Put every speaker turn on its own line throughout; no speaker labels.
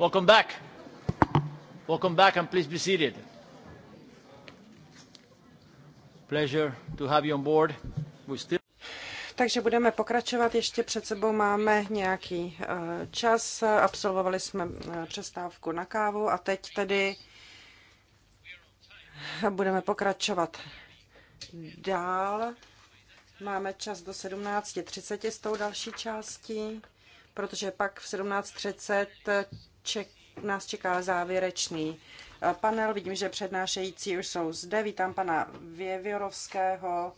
Welcome back. Welcome back and please be seated. Pleasure to have you on board. We still...
Takže budeme pokračovat, ještě před sebou máme nějaký eh, čas, absolvovali jsme eh, přestávku na kávu a teď tedy budeme pokračovat dál. Máme čas do 17.30 s tou další částí, protože pak v 17.30 ček, nás čeká závěrečný eh, panel. Vidím, že přednášející už jsou zde. Vítám pana Věviorovského,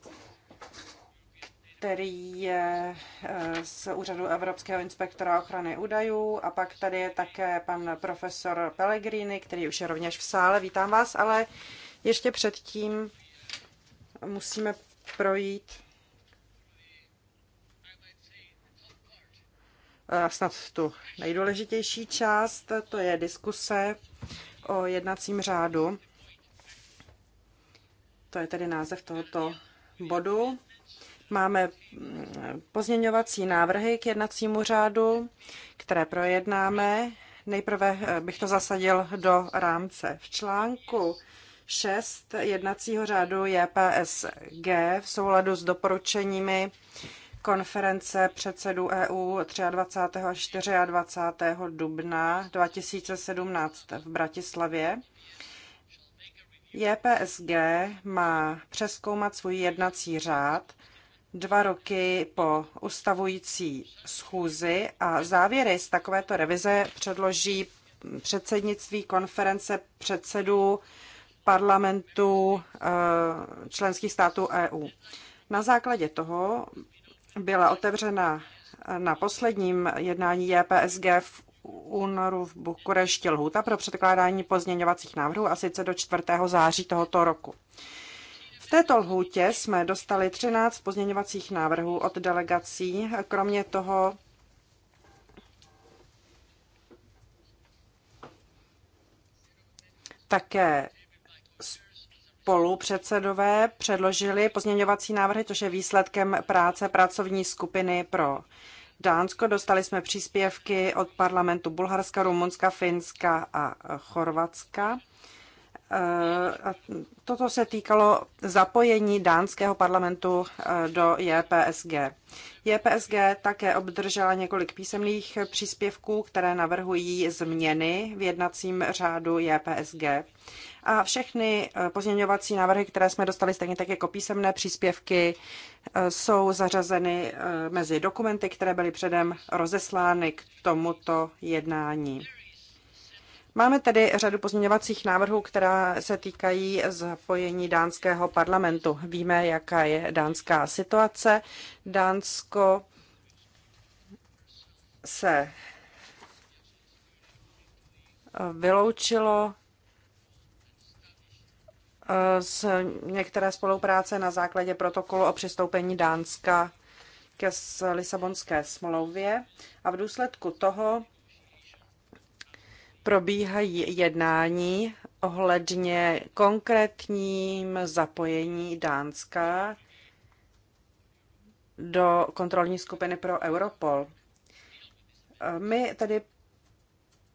který je eh, z Úřadu Evropského inspektora ochrany údajů. A pak tady je také pan profesor Pellegrini, který už je rovněž v sále. Vítám vás, ale ještě předtím musíme projít snad tu nejdůležitější část, to je diskuse o jednacím řádu. To je tedy název tohoto bodu. Máme pozměňovací návrhy k jednacímu řádu, které projednáme. Nejprve eh, bych to zasadil do rámce. V článku 6 jednacího řádu JPSG v souladu s doporučeními konference předsedů EU 23. a 24. dubna 2017 v Bratislavě. JPSG má přeskoumat svůj jednací řád dva roky po ustavující schůzi a závěry z takovéto revize předloží předsednictví konference předsedů parlamentů eh, členských států EU. Na základě toho byla otevřena eh, na posledním jednání JPSG v únoru v Bukurešti lhůta pro předkládání pozměňovacích návrhů a sice do 4. září tohoto roku. V této lhůtě jsme dostali 13 pozměňovacích návrhů od delegací, kromě toho také spolupředsedové předložili pozměňovací návrhy, což je výsledkem práce pracovní skupiny pro Dánsko. Dostali jsme příspěvky od parlamentu Bulharska, Rumunska, Finska a Chorvatska. Eh, a toto se týkalo zapojení dánského parlamentu eh, do JPSG. JPSG také obdržela několik písemných příspěvků, které navrhují změny v jednacím řádu JPSG. A všechny eh, pozměňovací návrhy, které jsme dostali, stejně tak jako písemné příspěvky, jsou zařazeny mezi dokumenty, které byly předem rozeslány k tomuto jednání. Máme tedy řadu pozměňovacích návrhů, která se týkají zapojení dánského parlamentu. Víme, jaká je dánská situace. Dánsko se vyloučilo eh, z některé spolupráce na základě protokolu o přistoupení Dánska ke Lisabonské smlouvě a v důsledku toho probíhají jednání ohledně konkrétním zapojení Dánska do kontrolní skupiny pro Europol. My tedy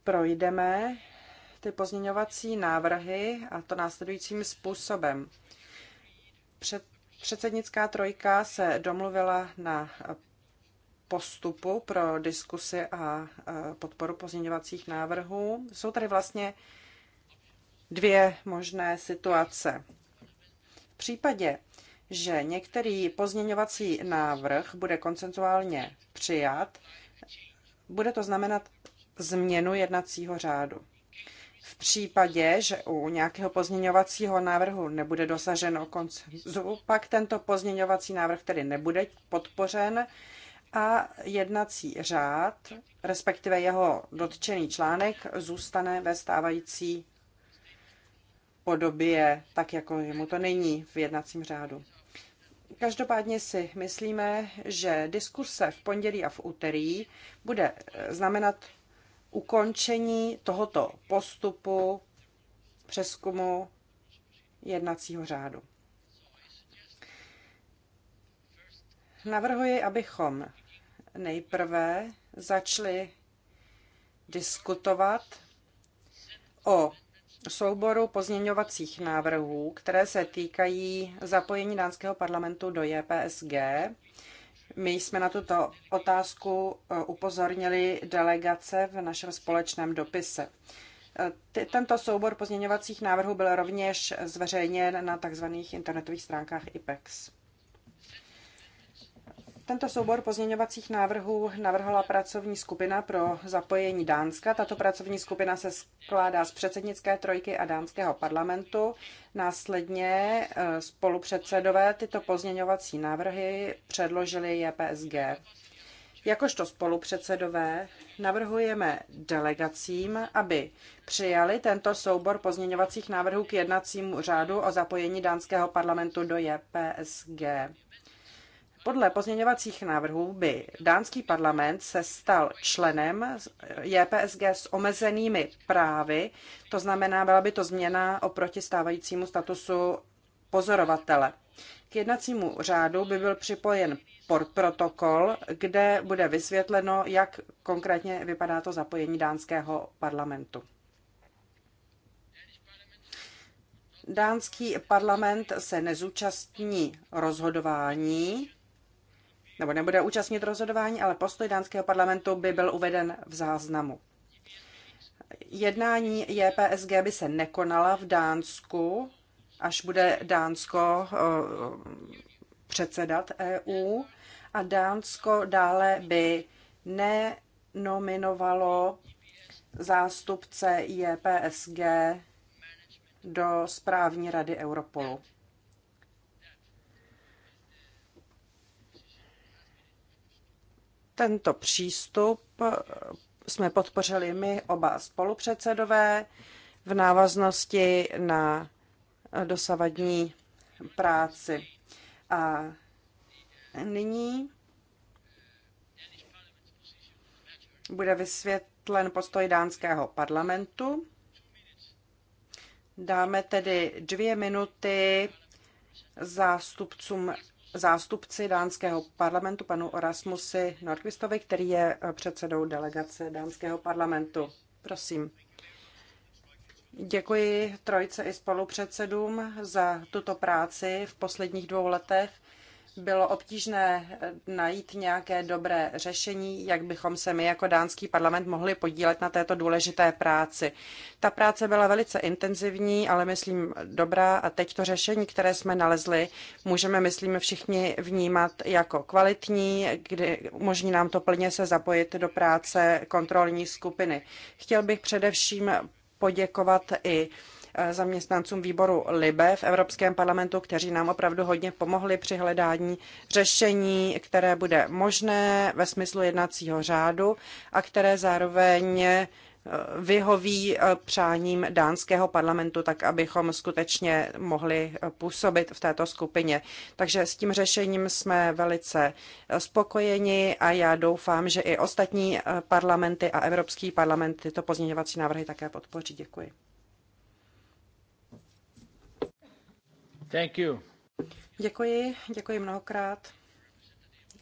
projdeme ty pozměňovací návrhy a to následujícím způsobem. Před, předsednická trojka se domluvila na postupu pro diskusy a podporu pozměňovacích návrhů. Jsou tady vlastně dvě možné situace. V případě, že některý pozměňovací návrh bude koncentuálně přijat, bude to znamenat změnu jednacího řádu. V případě, že u nějakého pozměňovacího návrhu nebude dosaženo koncenzu, pak tento pozměňovací návrh tedy nebude podpořen a jednací řád, respektive jeho dotčený článek, zůstane ve stávající podobě, tak jako mu to není v jednacím řádu. Každopádně si myslíme, že diskuse v pondělí a v úterý bude znamenat ukončení tohoto postupu přeskumu jednacího řádu. Navrhuji, abychom nejprve začali diskutovat o souboru pozměňovacích návrhů, které se týkají zapojení dánského parlamentu do JPSG. My jsme na tuto otázku eh, upozornili delegace v našem společném dopise. Eh, tento soubor pozměňovacích návrhů byl rovněž zveřejněn na tzv. internetových stránkách IPEX. Tento soubor pozměňovacích návrhů navrhla pracovní skupina pro zapojení Dánska. Tato pracovní skupina se skládá z předsednické trojky a dánského parlamentu. Následně eh, spolupředsedové tyto pozměňovací návrhy předložili JPSG. Jakožto spolupředsedové navrhujeme delegacím, aby přijali tento soubor pozměňovacích návrhů k jednacímu řádu o zapojení dánského parlamentu do JPSG. Podle pozměňovacích návrhů by dánský parlament se stal členem JPSG s omezenými právy, to znamená, byla by to změna oproti stávajícímu statusu pozorovatele. K jednacímu řádu by byl připojen protokol, kde bude vysvětleno, jak konkrétně vypadá to zapojení dánského parlamentu. Dánský parlament se nezúčastní rozhodování nebo nebude účastnit rozhodování, ale postoj dánského parlamentu by byl uveden v záznamu. Jednání JPSG by se nekonala v Dánsku, až bude Dánsko eh, předsedat EU a Dánsko dále by nenominovalo zástupce JPSG do správní rady Europolu. Tento přístup eh, jsme podpořili my oba spolupředsedové v návaznosti na eh, dosavadní práci. A nyní bude vysvětlen postoj dánského parlamentu. Dáme tedy dvě minuty zástupcům zástupci dánského parlamentu, panu Orasmusi Norkvistovi, který je eh, předsedou delegace dánského parlamentu. Prosím. Děkuji trojce i spolupředsedům za tuto práci v posledních dvou letech bylo obtížné eh, najít nějaké dobré řešení, jak bychom se my jako dánský parlament mohli podílet na této důležité práci. Ta práce byla velice intenzivní, ale myslím dobrá a teď to řešení, které jsme nalezli, můžeme, myslím, všichni vnímat jako kvalitní, kdy umožní nám to plně se zapojit do práce kontrolní skupiny. Chtěl bych především poděkovat i zaměstnancům výboru LIBE v Evropském parlamentu, kteří nám opravdu hodně pomohli při hledání řešení, které bude možné ve smyslu jednacího řádu a které zároveň eh, vyhoví eh, přáním dánského parlamentu, tak abychom skutečně mohli eh, působit v této skupině. Takže s tím řešením jsme velice spokojeni a já doufám, že i ostatní parlamenty a Evropský parlament tyto pozměňovací návrhy také podpoří. Děkuji. Děkuji, děkuji mnohokrát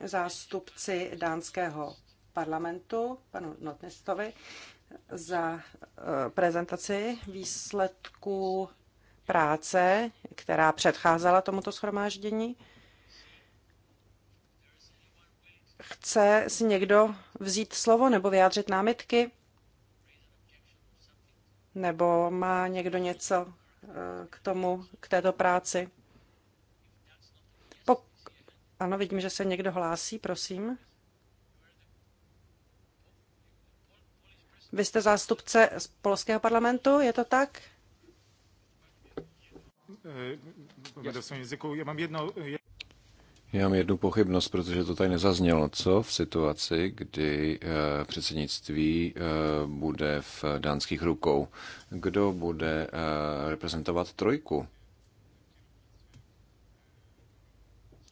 zástupci dánského parlamentu, panu Notnestovi, za eh, prezentaci výsledků práce, která předcházela tomuto schromáždění. Chce si někdo vzít slovo nebo vyjádřit námitky? Nebo má někdo něco k tomu, k této práci? Pok- ano, vidím, že se někdo hlásí, prosím. Vy jste zástupce z polského parlamentu, je to tak?
jazyku. Já mám jedno,
já mám jednu pochybnost, protože to tady nezaznělo. Co v situaci, kdy eh, předsednictví eh, bude v dánských rukou? Kdo bude eh, reprezentovat trojku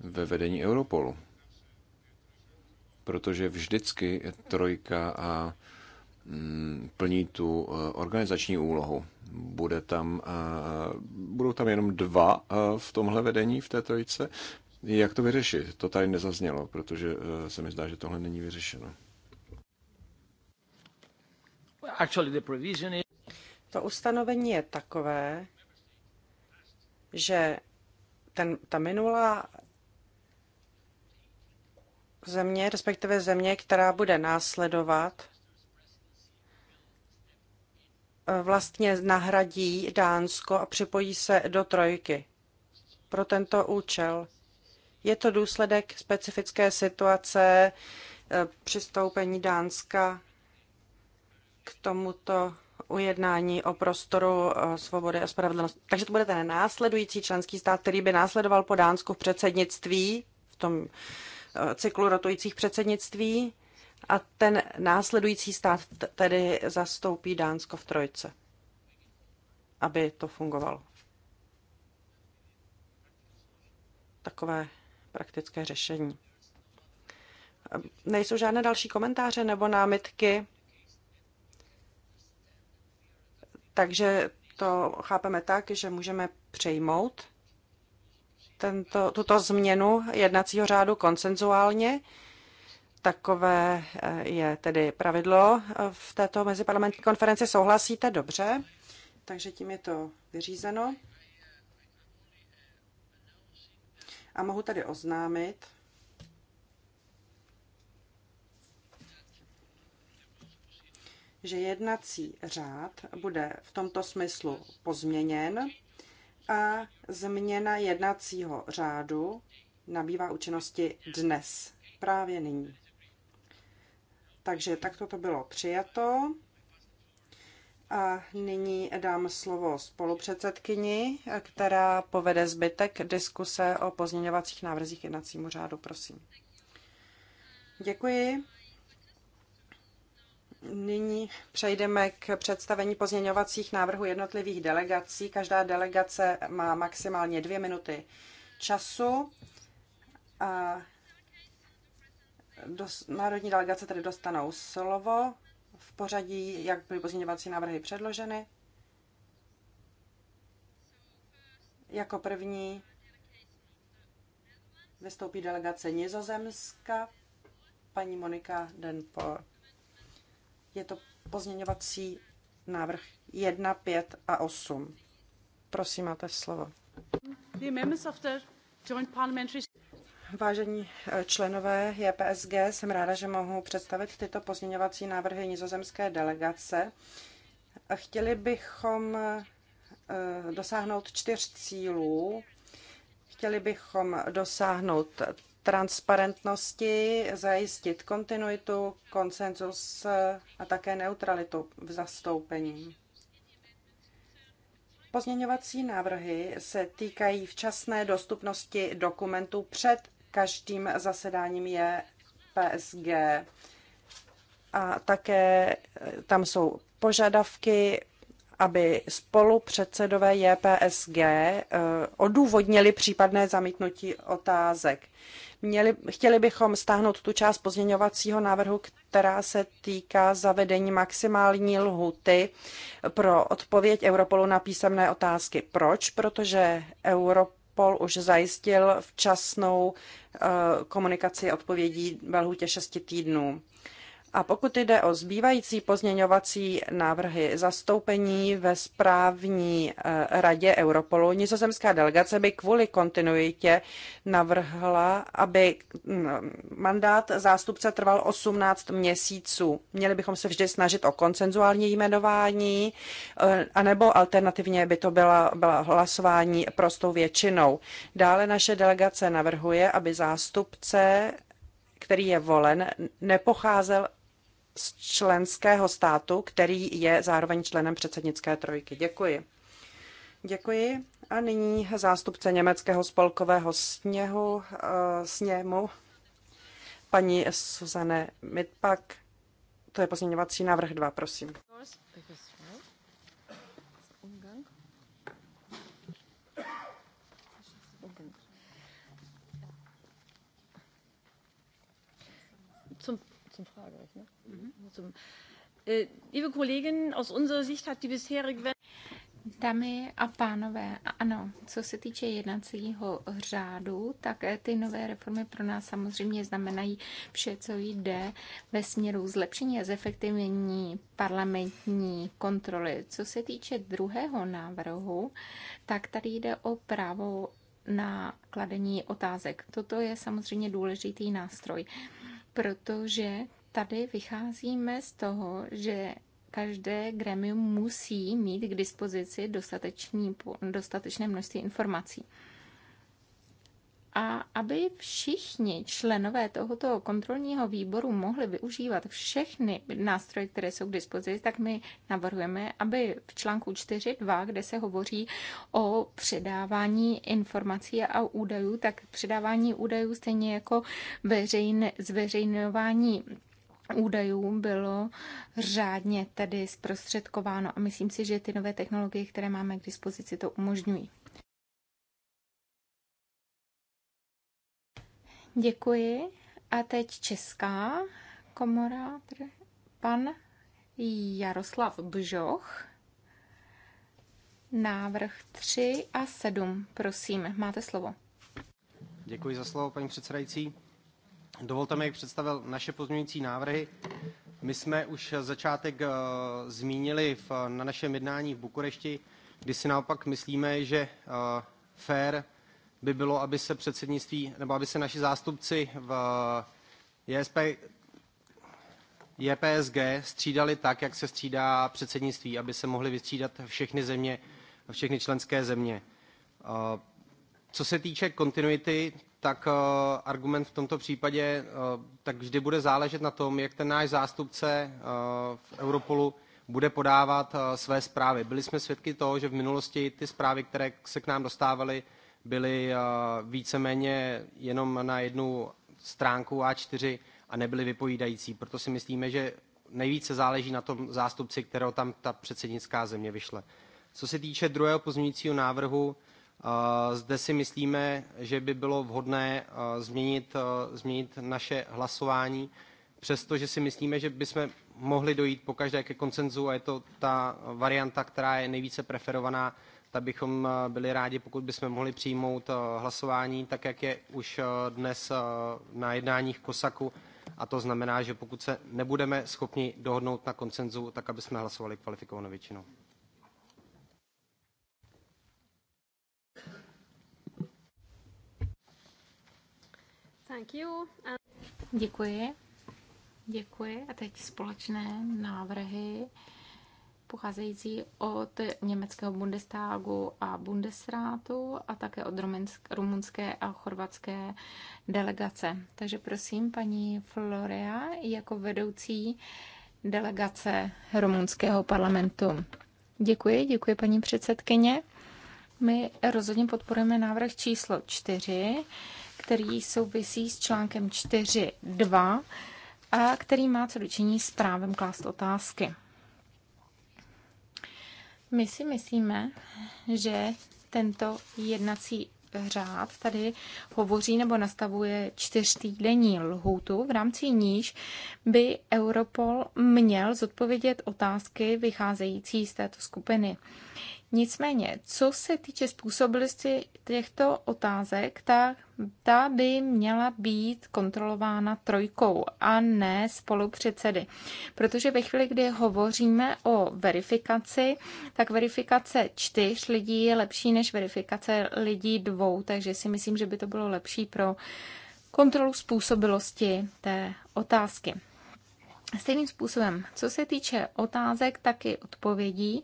ve vedení Europolu? Protože vždycky trojka a mm, plní tu organizační úlohu. Bude tam, budou tam jenom dva v tomhle vedení, v té trojice. Jak to vyřešit? To tady nezaznělo, protože eh, se mi zdá, že tohle není vyřešeno.
To ustanovení je takové, že ten, ta minulá země, respektive země, která bude následovat, eh, vlastně nahradí Dánsko a připojí se do trojky pro tento účel. Je to důsledek specifické situace eh, přistoupení Dánska k tomuto ujednání o prostoru eh, svobody a spravedlnosti. Takže to bude ten následující členský stát, který by následoval po Dánsku v předsednictví, v tom eh, cyklu rotujících předsednictví, a ten následující stát tedy zastoupí Dánsko v trojce, aby to fungovalo. Takové praktické řešení. Nejsou žádné další komentáře nebo námitky, takže to chápeme tak, že můžeme přejmout tento, tuto změnu jednacího řádu koncenzuálně. Takové eh, je tedy pravidlo v této meziparlamentní konferenci. Souhlasíte? Dobře. Takže tím je to vyřízeno. A mohu tady oznámit, že jednací řád bude v tomto smyslu pozměněn a změna jednacího řádu nabývá účinnosti dnes, právě nyní. Takže takto to bylo přijato. A nyní dám slovo spolupředsedkyni, která povede zbytek diskuse o pozměňovacích návrzích jednacímu řádu. Prosím. Děkuji. Nyní přejdeme k představení pozměňovacích návrhů jednotlivých delegací. Každá delegace má maximálně dvě minuty času. A dos, národní delegace tedy dostanou slovo v pořadí, jak byly pozměňovací návrhy předloženy. Jako první vystoupí delegace Nizozemska, paní Monika Denpor. Je to pozměňovací návrh 1, 5 a 8. Prosím, máte slovo. The Vážení eh, členové JPSG, jsem ráda, že mohu představit tyto pozměňovací návrhy nizozemské delegace. Chtěli bychom eh, dosáhnout čtyř cílů. Chtěli bychom dosáhnout transparentnosti, zajistit kontinuitu, konsenzus eh, a také neutralitu v zastoupení. Pozměňovací návrhy se týkají včasné dostupnosti dokumentů před každým zasedáním je PSG. A také eh, tam jsou požadavky, aby spolupředsedové JPSG eh, odůvodnili případné zamítnutí otázek. Měli, chtěli bychom stáhnout tu část pozměňovacího návrhu, která se týká zavedení maximální lhuty pro odpověď Europolu na písemné otázky. Proč? Protože Europol Europol už zajistil včasnou eh, komunikaci odpovědí ve lhůtě 6 týdnů. A pokud jde o zbývající pozměňovací návrhy zastoupení ve správní eh, radě Europolu, nizozemská delegace by kvůli kontinuitě navrhla, aby mm, mandát zástupce trval 18 měsíců. Měli bychom se vždy snažit o koncenzuální jmenování, eh, anebo alternativně by to byla, byla hlasování prostou většinou. Dále naše delegace navrhuje, aby zástupce který je volen, nepocházel z členského státu, který je zároveň členem předsednické trojky. Děkuji. Děkuji. A nyní zástupce německého spolkového sněhu, eh, sněmu, paní Suzane Mitpak. To je pozměňovací návrh 2, prosím.
Äh, liebe Kolleginnen, aus unserer Sicht hat die bisherige Dámy a pánové, ano, co se týče jednacího řádu, tak eh, ty nové reformy pro nás samozřejmě znamenají vše, co jde ve směru zlepšení a zefektivnění parlamentní kontroly. Co se týče druhého návrhu, tak tady jde o právo na kladení otázek. Toto je samozřejmě důležitý nástroj, protože Tady vycházíme z toho, že každé gremium musí mít k dispozici dostatečný, dostatečné množství informací. A aby všichni členové tohoto kontrolního výboru mohli využívat všechny nástroje, které jsou k dispozici, tak my navrhujeme, aby v článku 4.2, kde se hovoří o předávání informací a údajů, tak předávání údajů stejně jako veřejn, zveřejňování údajů bylo řádně tedy zprostředkováno a myslím si, že ty nové technologie, které máme k dispozici, to umožňují. Děkuji. A teď Česká komora, pan Jaroslav Bžoch. Návrh 3 a 7, prosím, máte slovo.
Děkuji za slovo, paní předsedající. Dovolte mi, abych představil naše pozměňující návrhy. My jsme už začátek eh, zmínili v, na našem jednání v Bukurešti, kdy si naopak myslíme, že eh, fair by bylo, aby se předsednictví, nebo aby se naši zástupci v eh, JSP, JPSG střídali tak, jak se střídá předsednictví, aby se mohly vystřídat všechny země, všechny členské země. Co se týče kontinuity, tak eh, argument v tomto případě eh, tak vždy bude záležet na tom, jak ten náš zástupce eh, v Europolu bude podávat své zprávy. Byli jsme svědky toho, že v minulosti ty zprávy, které se k nám dostávaly, byly víceméně jenom na jednu stránku A4 a nebyly vypovídající. Proto si myslíme, že nejvíce záleží na tom zástupci, kterého tam ta předsednická země vyšle. Co se týče druhého pozměňujícího návrhu, zde si myslíme, že by bylo vhodné změnit, změnit naše hlasování, přestože si myslíme, že bychom mohli dojít po každé ke koncenzu a je to ta varianta, která je nejvíce preferovaná, tak bychom byli rádi, pokud bychom mohli přijmout hlasování tak, jak je už dnes na jednáních Kosaku. A to znamená, že pokud se nebudeme schopni dohodnout na koncenzu, tak aby jsme hlasovali kvalifikovanou většinou.
Thank you. And... Děkuji. Děkuji. A teď společné návrhy pocházející od německého Bundestagu a Bundesrátu a také od rumunské a chorvatské delegace. Takže prosím, paní Florea, jako vedoucí delegace rumunského parlamentu. Děkuji, děkuji paní předsedkyně. My rozhodně podporujeme návrh číslo čtyři který souvisí s článkem 4.2 a který má co dočiní s právem klást otázky. My si myslíme, že tento jednací řád tady hovoří nebo nastavuje čtyřtýdenní lhůtu, v rámci níž by Europol měl zodpovědět otázky vycházející z této skupiny. Nicméně, co se týče způsobilosti těchto otázek, tak ta by měla být kontrolována trojkou a ne spolupředsedy. Protože ve chvíli, kdy hovoříme o verifikaci, tak verifikace čtyř lidí je lepší než verifikace lidí dvou, takže si myslím, že by to bylo lepší pro kontrolu způsobilosti té otázky. Stejným způsobem, co se týče otázek, tak i odpovědí,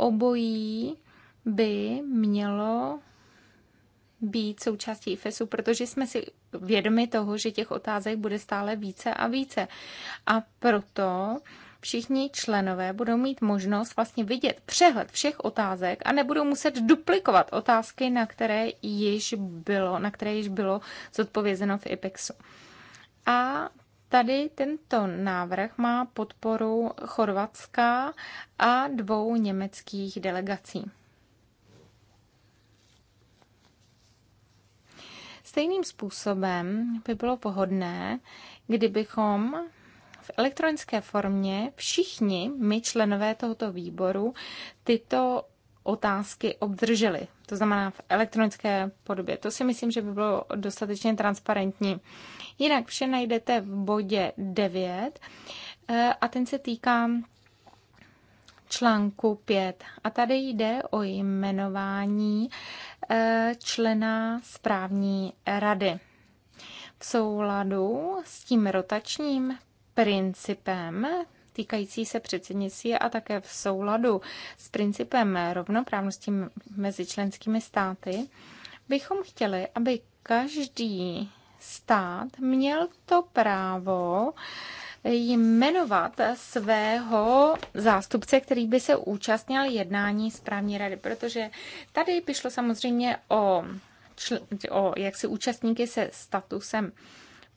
obojí by mělo být součástí fesu, protože jsme si vědomi toho, že těch otázek bude stále více a více. A proto všichni členové budou mít možnost vlastně vidět přehled všech otázek a nebudou muset duplikovat otázky, na které již bylo, na které již bylo zodpovězeno v IPEXu. A Tady tento návrh má podporu Chorvatska a dvou německých delegací. Stejným způsobem by bylo pohodné, kdybychom v elektronické formě všichni my, členové tohoto výboru, tyto otázky obdrželi, to znamená v elektronické podobě. To si myslím, že by bylo dostatečně transparentní. Jinak vše najdete v bodě 9 eh, a ten se týká článku 5. A tady jde o jmenování eh, člena správní rady. V souladu s tím rotačním principem týkající se předsednictví a také v souladu s principem rovnoprávnosti mezi členskými státy, bychom chtěli, aby každý stát měl to právo jmenovat svého zástupce, který by se účastnil jednání správní rady, protože tady by šlo samozřejmě o, o jaksi účastníky se statusem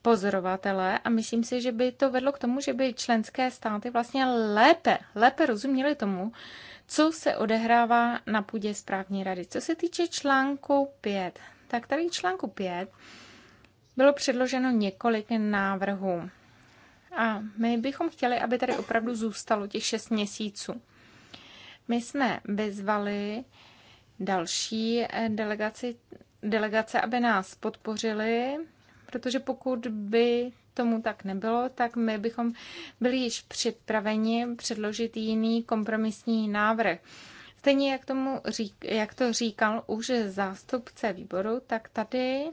pozorovatele a myslím si, že by to vedlo k tomu, že by členské státy vlastně lépe, lépe rozuměly tomu, co se odehrává na půdě správní rady. Co se týče článku 5, tak tady článku 5 bylo předloženo několik návrhů. A my bychom chtěli, aby tady opravdu zůstalo těch 6 měsíců. My jsme vyzvali další eh, delegaci, delegace, aby nás podpořili protože pokud by tomu tak nebylo, tak my bychom byli již připraveni předložit jiný kompromisní návrh. Stejně jak, tomu řík, jak to říkal už zástupce výboru, tak tady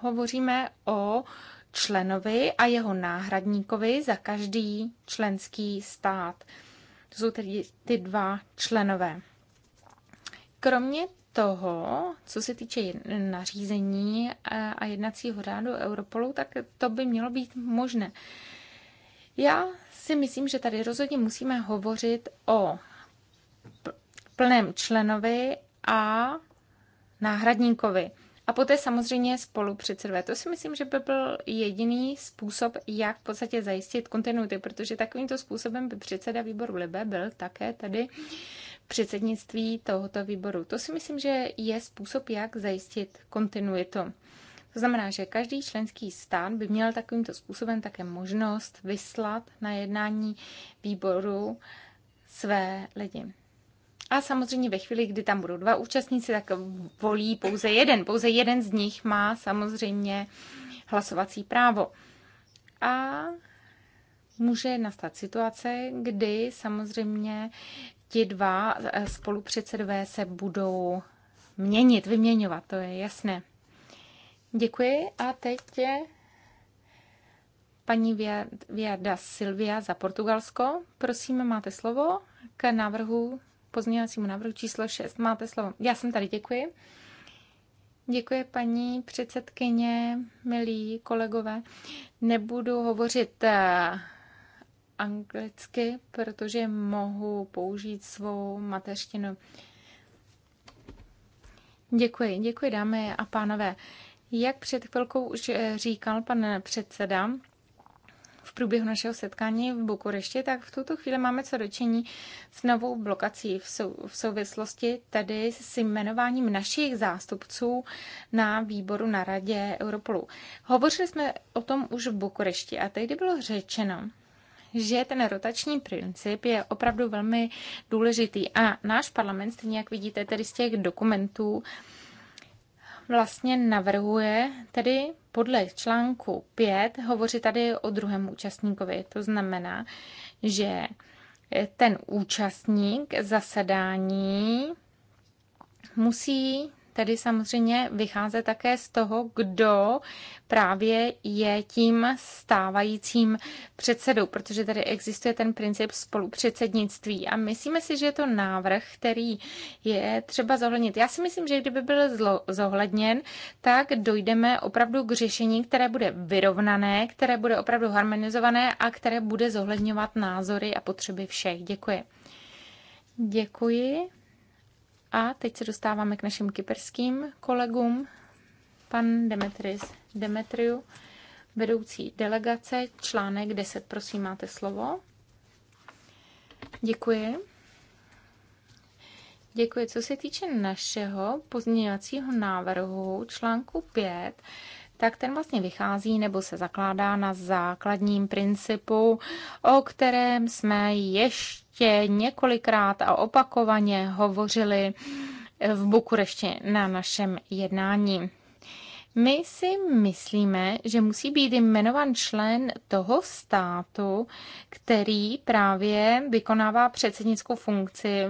hovoříme o členovi a jeho náhradníkovi za každý členský stát. To jsou tedy ty dva členové. Kromě toho, co se týče nařízení eh, a jednacího řádu Europolu, tak to by mělo být možné. Já si myslím, že tady rozhodně musíme hovořit o plném členovi a náhradníkovi. A poté samozřejmě spolupředsedové. To si myslím, že by byl jediný způsob, jak v podstatě zajistit kontinuity, protože takovýmto způsobem by předseda výboru Libe byl také tady předsednictví tohoto výboru. To si myslím, že je způsob, jak zajistit kontinuitu. To znamená, že každý členský stát by měl takovýmto způsobem také možnost vyslat na jednání výboru své lidi. A samozřejmě ve chvíli, kdy tam budou dva účastníci, tak volí pouze jeden. Pouze jeden z nich má samozřejmě hlasovací právo. A může nastat situace, kdy samozřejmě ti dva eh, spolupředsedové se budou měnit, vyměňovat, to je jasné. Děkuji a teď je paní Viada Silvia za Portugalsko. Prosím, máte slovo k návrhu, pozměňovacímu návrhu číslo 6. Máte slovo. Já jsem tady, děkuji. Děkuji, paní předsedkyně, milí kolegové. Nebudu hovořit eh, anglicky, protože mohu použít svou mateřštinu. Děkuji, děkuji dámy a pánové. Jak před chvilkou už eh, říkal pan předseda, v průběhu našeho setkání v Bukurešti, tak v tuto chvíli máme co dočení s novou blokací v, sou, v souvislosti tedy s jmenováním našich zástupců na výboru na radě Europolu. Hovořili jsme o tom už v Bukurešti a tehdy bylo řečeno, že ten rotační princip je opravdu velmi důležitý. A náš parlament, stejně jak vidíte tedy z těch dokumentů, vlastně navrhuje tedy podle článku 5 hovoří tady o druhém účastníkovi. To znamená, že ten účastník zasedání musí tedy samozřejmě vycházet také z toho, kdo právě je tím stávajícím předsedou, protože tady existuje ten princip spolupředsednictví a myslíme si, že je to návrh, který je třeba zohlednit. Já si myslím, že kdyby byl zlo, zohledněn, tak dojdeme opravdu k řešení, které bude vyrovnané, které bude opravdu harmonizované a které bude zohledňovat názory a potřeby všech. Děkuji. Děkuji. A teď se dostáváme k našim kyperským kolegům. Pan Demetris Demetriu, vedoucí delegace, článek 10, prosím, máte slovo. Děkuji. Děkuji. Co se týče našeho pozměňovacího návrhu článku 5, tak ten vlastně vychází nebo se zakládá na základním principu, o kterém jsme ještě několikrát a opakovaně hovořili v Bukurešti na našem jednání. My si myslíme, že musí být jmenovan člen toho státu, který právě vykonává předsednickou funkci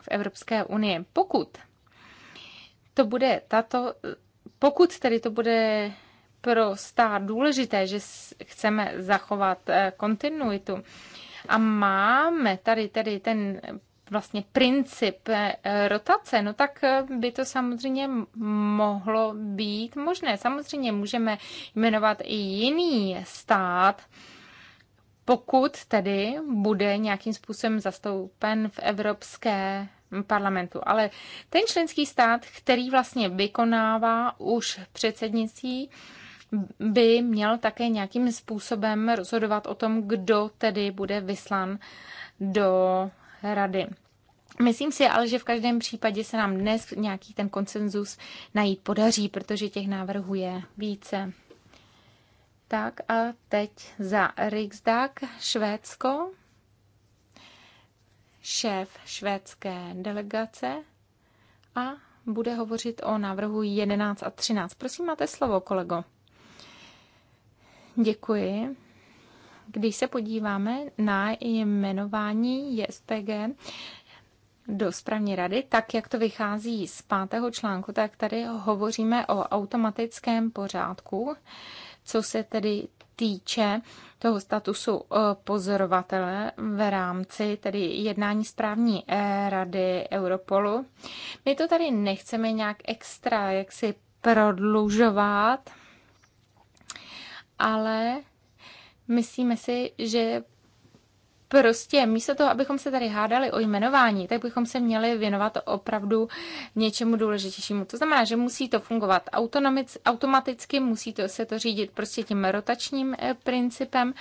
v Evropské unii. Pokud to bude tato, pokud tedy to bude pro stát důležité, že chceme zachovat eh, kontinuitu. A máme tady tedy ten vlastně princip eh, rotace, no tak eh, by to samozřejmě mohlo být možné. Samozřejmě můžeme jmenovat i jiný stát, pokud tedy bude nějakým způsobem zastoupen v Evropské parlamentu. Ale ten členský stát, který vlastně vykonává už předsednictví, by měl také nějakým způsobem rozhodovat o tom, kdo tedy bude vyslan do rady. Myslím si ale, že v každém případě se nám dnes nějaký ten konsenzus najít podaří, protože těch návrhů je více. Tak a teď za Riksdag Švédsko, šéf švédské delegace a bude hovořit o návrhu 11 a 13. Prosím, máte slovo, kolego. Děkuji. Když se podíváme na jmenování JSPG do správní rady, tak jak to vychází z pátého článku, tak tady hovoříme o automatickém pořádku, co se tedy týče toho statusu eh, pozorovatele v rámci tedy jednání správní eh, rady Europolu. My to tady nechceme nějak extra jaksi prodlužovat, ale myslíme si, že Prostě místo toho, abychom se tady hádali o jmenování, tak bychom se měli věnovat opravdu něčemu důležitějšímu. To znamená, že musí to fungovat autonomic, automaticky, musí to, se to řídit prostě tím rotačním eh, principem,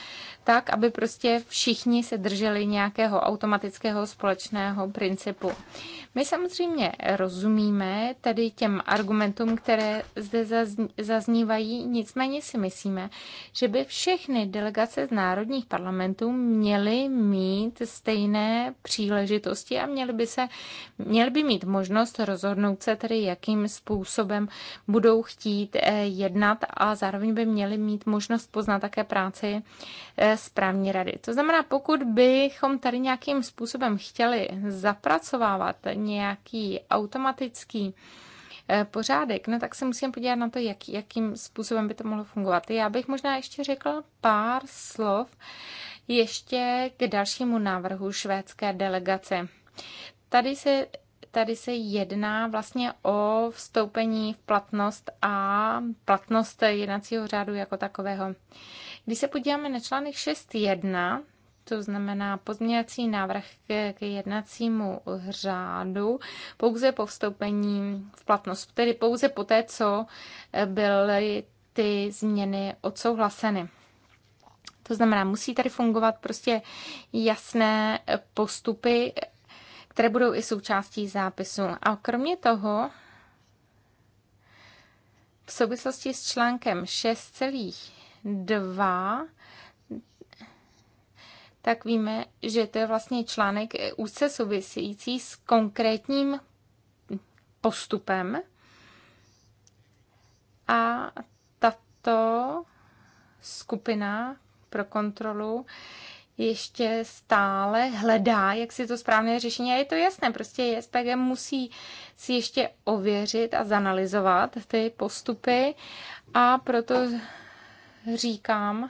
tak, aby prostě všichni se drželi nějakého automatického společného principu. My samozřejmě rozumíme tedy těm argumentům, které zde zaznívají, nicméně si myslíme, že by všechny delegace z národních parlamentů měly mít stejné příležitosti a měli by, se, měli by mít možnost rozhodnout se tedy, jakým způsobem budou chtít eh, jednat a zároveň by měli mít možnost poznat také práci eh, správní rady. To znamená, pokud bychom tady nějakým způsobem chtěli zapracovávat nějaký automatický eh, pořádek, no tak se musím podívat na to, jak, jakým způsobem by to mohlo fungovat. Já bych možná ještě řekl pár slov ještě k dalšímu návrhu švédské delegace. Tady se tady se jedná vlastně o vstoupení v platnost a platnost jednacího řádu jako takového. Když se podíváme na článek 6.1, to znamená pozměňovací návrh k jednacímu řádu pouze po vstoupení v platnost, tedy pouze po té, co byly ty změny odsouhlaseny. To znamená, musí tady fungovat prostě jasné postupy, které budou i součástí zápisu. A kromě toho, v souvislosti s článkem 6,2 tak víme, že to je vlastně článek úzce související s konkrétním postupem. A tato skupina pro kontrolu ještě stále hledá, jak si to správné řešení. A je to jasné, prostě JSPG musí si ještě ověřit a zanalizovat ty postupy a proto říkám,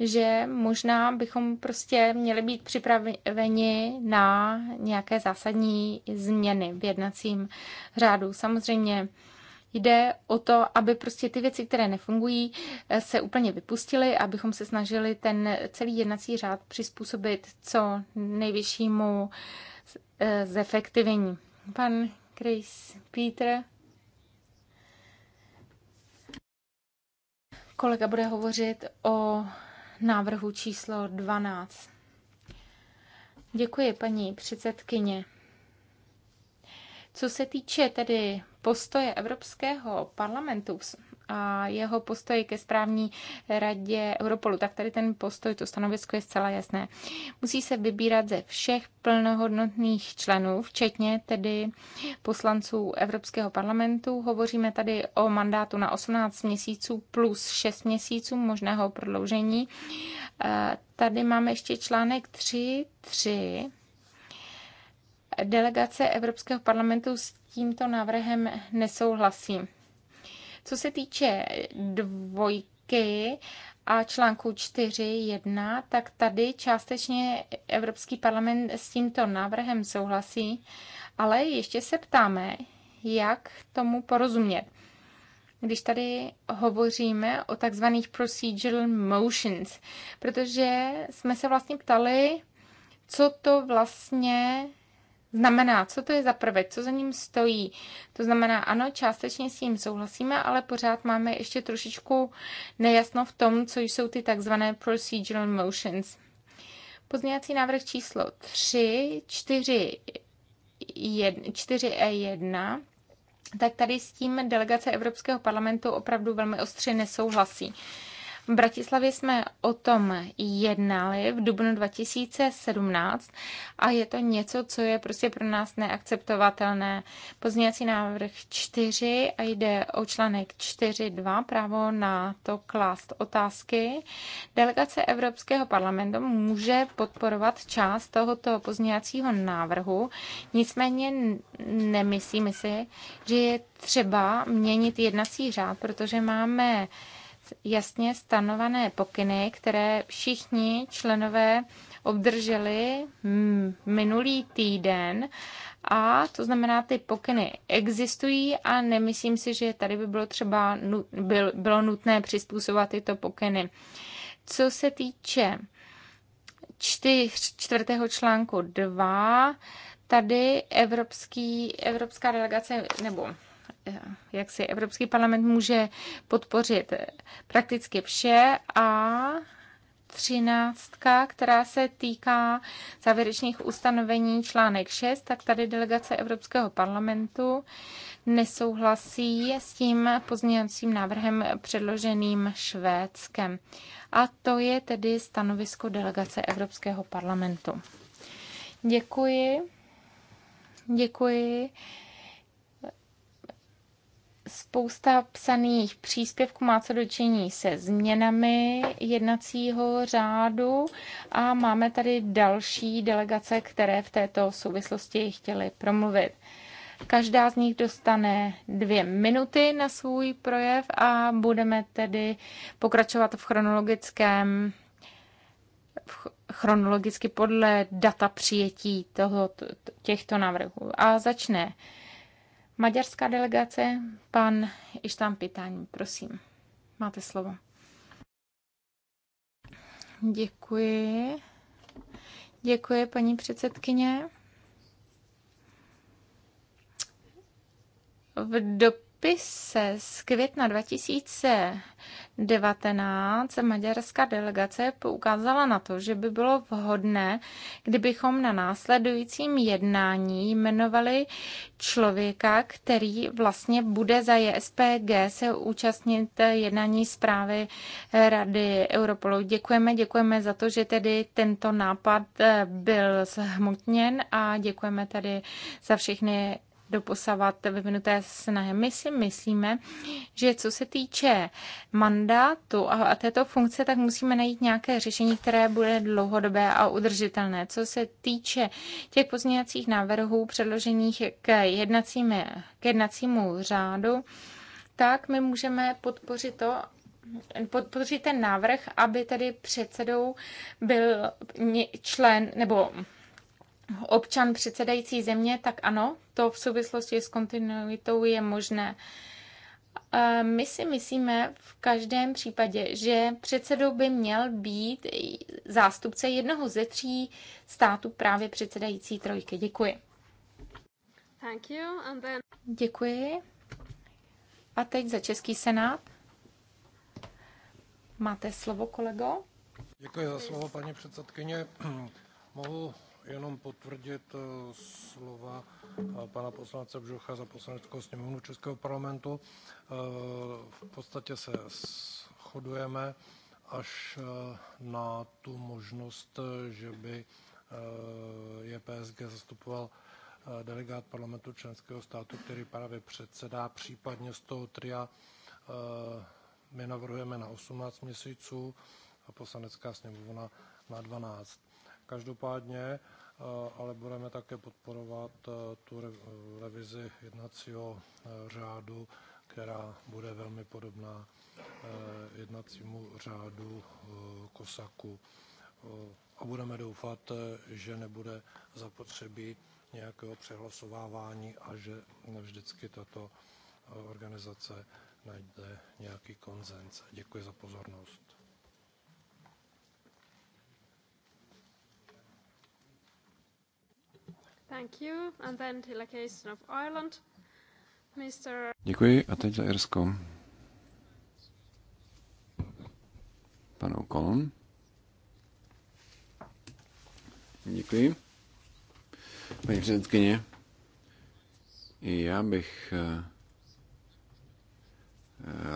že možná bychom prostě měli být připraveni na nějaké zásadní změny v jednacím řádu. Samozřejmě Jde o to, aby prostě ty věci, které nefungují, eh, se úplně vypustily, abychom se snažili ten celý jednací řád přizpůsobit co nejvyššímu eh, zefektivení. Pan Chris Peter. Kolega bude hovořit o návrhu číslo 12. Děkuji, paní předsedkyně. Co se týče tedy postoje Evropského parlamentu a jeho postoje ke správní radě Europolu, tak tady ten postoj, to stanovisko je zcela jasné. Musí se vybírat ze všech plnohodnotných členů, včetně tedy poslanců Evropského parlamentu. Hovoříme tady o mandátu na 18 měsíců plus 6 měsíců možného prodloužení. Tady máme ještě článek 3.3 delegace Evropského parlamentu s tímto návrhem nesouhlasí. Co se týče dvojky a článku 4.1, tak tady částečně Evropský parlament s tímto návrhem souhlasí, ale ještě se ptáme, jak tomu porozumět. Když tady hovoříme o takzvaných procedural motions, protože jsme se vlastně ptali, co to vlastně znamená, co to je za prvek, co za ním stojí. To znamená, ano, částečně s tím souhlasíme, ale pořád máme ještě trošičku nejasno v tom, co jsou ty takzvané procedural motions. Pozměňovací návrh číslo 3, 4, 4E1, tak tady s tím delegace Evropského parlamentu opravdu velmi ostře nesouhlasí. V Bratislavě jsme o tom jednali v dubnu 2017 a je to něco, co je prostě pro nás neakceptovatelné. Pozměňovací návrh 4 a jde o článek 4.2, právo na to klást otázky. Delegace Evropského parlamentu může podporovat část tohoto pozměňovacího návrhu, nicméně nemyslíme si, že je třeba měnit jednací řád, protože máme jasně stanovené pokyny, které všichni členové obdrželi minulý týden. A to znamená, ty pokyny existují a nemyslím si, že tady by bylo třeba bylo nutné přizpůsobovat tyto pokyny. Co se týče čtyř, čtvrtého článku 2, tady evropský, evropská delegace nebo jak si Evropský parlament může podpořit prakticky vše a třináctka, která se týká závěrečných ustanovení článek 6, tak tady delegace Evropského parlamentu nesouhlasí s tím pozměňovacím návrhem předloženým Švédskem. A to je tedy stanovisko delegace Evropského parlamentu. Děkuji. Děkuji spousta psaných příspěvků má co dočení se změnami jednacího řádu a máme tady další delegace, které v této souvislosti chtěly promluvit. Každá z nich dostane dvě minuty na svůj projev a budeme tedy pokračovat v chronologickém chronologicky podle data přijetí toho, těchto návrhů. A začne Maďarská delegace, pan Ištán Pitání, prosím, máte slovo. Děkuji. Děkuji, paní předsedkyně. V dop- dopise z května 2019 maďarská delegace poukázala na to, že by bylo vhodné, kdybychom na následujícím jednání jmenovali člověka, který vlastně bude za JSPG se účastnit jednání zprávy Rady Europolu. Děkujeme, děkujeme za to, že tedy tento nápad eh, byl zhmotněn a děkujeme tady za všechny doposavat vyvinuté snahy. My si myslíme, že co se týče mandátu a této funkce, tak musíme najít nějaké řešení, které bude dlouhodobé a udržitelné. Co se týče těch pozměňovacích návrhů předložených k, jednacími, k jednacímu řádu, tak my můžeme podpořit to, podpořit ten návrh, aby tedy předsedou byl člen nebo občan předsedající země, tak ano, to v souvislosti s kontinuitou je možné. My si myslíme v každém případě, že předsedou by měl být zástupce jednoho ze tří států právě předsedající trojky. Děkuji. Thank you. And then... Děkuji. A teď za Český senát. Máte slovo, kolego.
Děkuji za slovo, paní předsedkyně. Mohu jenom potvrdit eh, slova eh, pana poslance Bžocha za poslaneckou sněmovnu Českého parlamentu. Eh, v podstatě se shodujeme až na tu možnost, že by JPSG zastupoval delegát parlamentu členského státu, který právě předsedá, případně z toho tria my navrhujeme na 18 měsíců a poslanecká sněmovna na 12. Každopádně eh, ale budeme také podporovat eh, tu revizi jednacího eh, řádu, která bude velmi podobná jednacímu řádu Kosaku. A budeme doufat, že nebude zapotřebí nějakého přehlasovávání a že vždycky tato organizace najde nějaký konzenz. Děkuji za pozornost.
Děkuji a teď za Irsko. Pan O'Connor. Děkuji. Paní předsedkyně, já bych eh,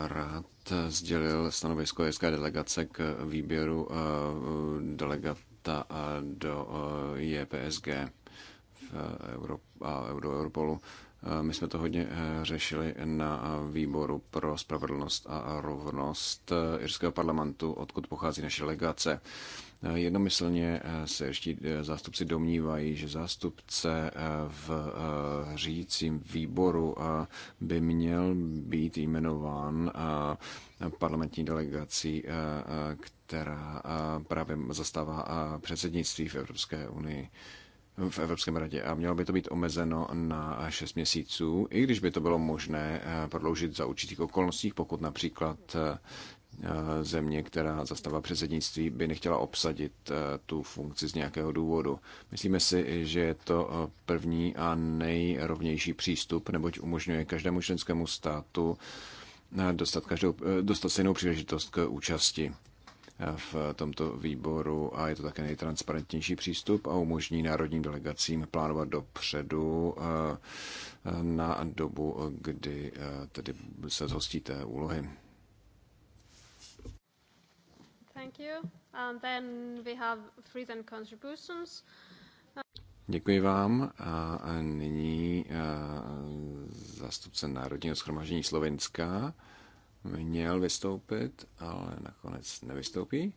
rád sdělil stanovisko irské delegace k výběru eh, delegata eh, do JPSG. Eh, Euro, a do Europolu. Eh, my jsme to hodně eh, řešili na výboru pro spravedlnost a rovnost irského parlamentu, odkud pochází naše legace. Jednomyslně se ještě zástupci domnívají, že zástupce v řídícím výboru by měl být jmenován parlamentní delegací, která právě zastává předsednictví v Evropské unii v Evropském radě a mělo by to být omezeno na 6 měsíců, i když by to bylo možné eh, prodloužit za určitých okolností, pokud například eh, země, která zastává předsednictví, by nechtěla obsadit eh, tu funkci z nějakého důvodu. Myslíme si, že je to první a nejrovnější přístup, neboť umožňuje každému členskému státu dostat, každou, dostat stejnou příležitost k účasti v tomto výboru a je to také nejtransparentnější přístup a umožní národním delegacím plánovat dopředu eh, na dobu, kdy eh, tedy se zhostí té úlohy.
Thank you. And then we have and contributions.
Děkuji vám. A nyní eh, zástupce Národního schromaždění Slovenska měl vystoupit, ale nakonec nevystoupí.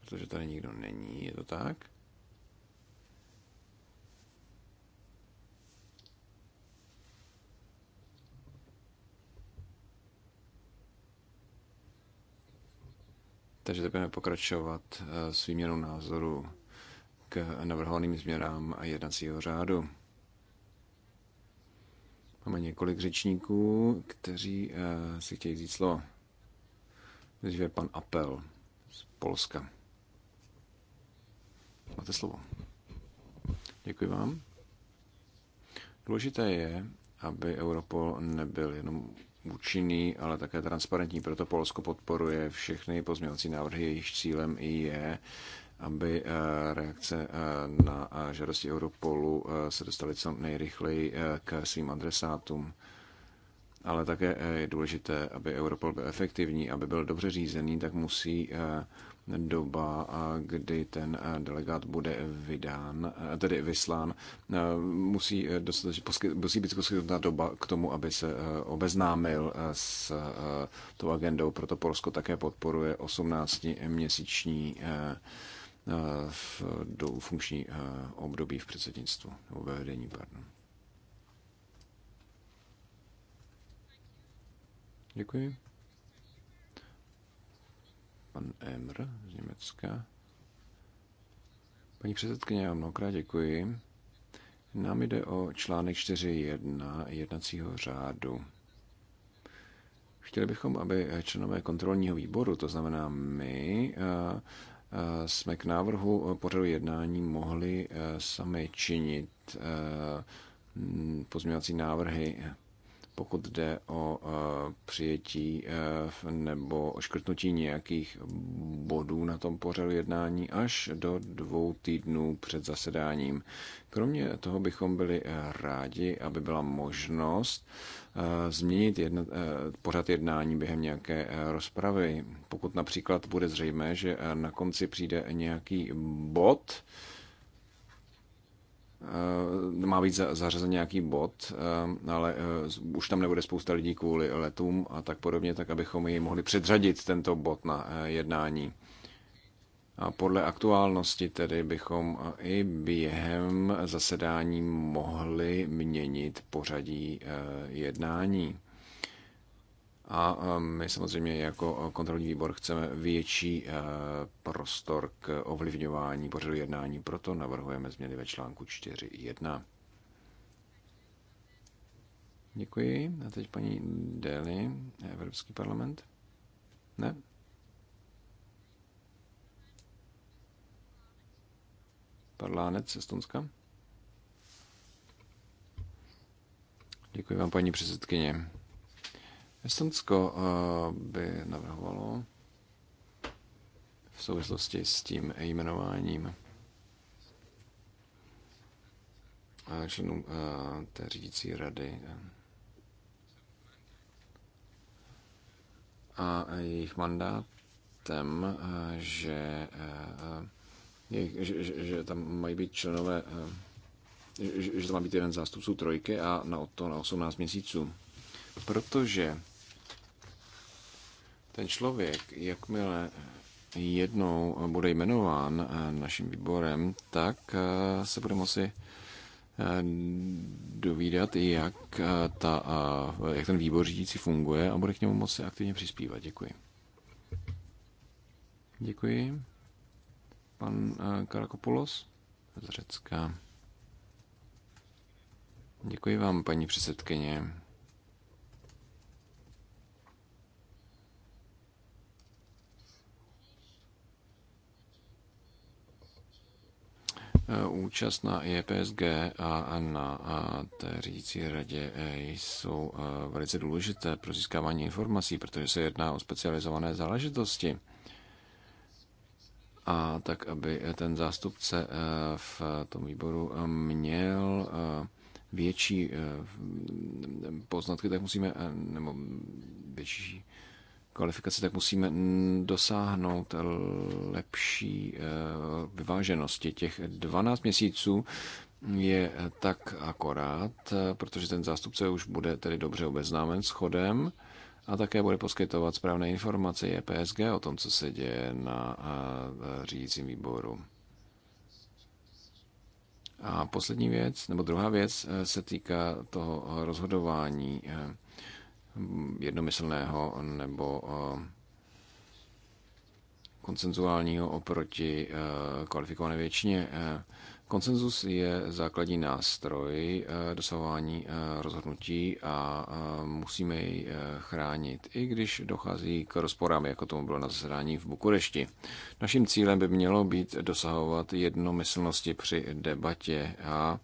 Protože tady nikdo není, je to tak? Takže teď budeme pokračovat eh, s výměnou názoru k navrhovaným změnám jednacího řádu. Máme několik řečníků, kteří eh, si chtějí vzít slovo. Takže pan Apel z Polska. Máte slovo. Děkuji vám. Důležité je, aby Europol nebyl jenom účinný, ale také transparentní. Proto Polsko podporuje všechny pozměňovací návrhy, jejichž cílem je aby eh, reakce eh, na eh, žádosti Europolu se dostaly co nejrychleji k svým adresátům. Ale také je důležité, aby Europol byl efektivní, aby byl dobře řízený, tak musí doba, kdy ten delegát bude vydán, tedy vyslán, musí, dostat, musí být poskytnutá doba k tomu, aby se obeznámil s tou agendou. Proto Polsko také podporuje 18-měsíční Eh, do funkční eh, období v předsednictvu, nebo ve vedení, pardon. Děkuji. Pan Emr z Německa. Paní předsedkyně, já mnohokrát děkuji. Nám jde o článek 4.1 jednacího řádu. Chtěli bychom, aby členové kontrolního výboru, to znamená my, eh, jsme k návrhu pořadu jednání mohli eh, sami činit eh, pozměňovací návrhy, pokud jde o eh, přijetí nebo oškrtnutí nějakých bodů na tom pořadu jednání až do dvou týdnů před zasedáním. Kromě toho bychom byli rádi, aby byla možnost Eh, změnit jedna, eh, pořad jednání během nějaké eh, rozpravy. Pokud například bude zřejmé, že na konci přijde nějaký bod, má být zařazen nějaký bod, ale už tam nebude spousta lidí kvůli letům a tak podobně, tak abychom ji mohli předřadit tento bod na jednání. A podle aktuálnosti tedy bychom i během zasedání mohli měnit pořadí eh, jednání. A eh, my samozřejmě jako kontrolní výbor chceme větší eh, prostor k ovlivňování pořadu jednání, proto navrhujeme změny ve článku 4.1. Děkuji. A teď paní Deli, Evropský parlament. Ne? Parlánec z Estonska. Děkuji vám, paní předsedkyně. Estonsko eh, by navrhovalo v souvislosti s tím jmenováním eh, členů eh, té řídící rady a jejich mandátem, že že, že, že tam mají být členové, eh, že, že tam má být jeden zástupců trojky a na to na 18 měsíců. Protože ten člověk, jakmile jednou bude jmenován eh, naším výborem, tak eh, se bude moci dovídat, jak, ta, jak ten výbor řídící funguje a bude k němu moci aktivně přispívat. Děkuji. Děkuji pan eh, Karakopoulos z Řecka. Děkuji vám, paní předsedkyně. Eh, účast na EPSG a na té řídící radě eh, jsou velice důležité pro získávání informací, protože se jedná o specializované záležitosti a tak, aby ten zástupce eh, v tom výboru eh, měl eh, větší poznatky, tak musíme, nebo větší kvalifikaci, tak musíme dosáhnout lepší vyváženosti. Těch 12 měsíců je tak akorát, protože ten zástupce už bude tedy dobře obeznámen s chodem a také bude poskytovat správné informace EPSG o tom, co se děje na řídícím výboru. A poslední věc, nebo druhá věc, e, se týká toho rozhodování e, jednomyslného nebo e, koncenzuálního oproti kvalifikované většině. Konsenzus je základní nástroj eh, dosahování eh, rozhodnutí a eh, musíme jej chránit, i když dochází k rozporám, jako tomu bylo na zasedání v Bukurešti. Naším cílem by mělo být dosahovat jednomyslnosti při debatě a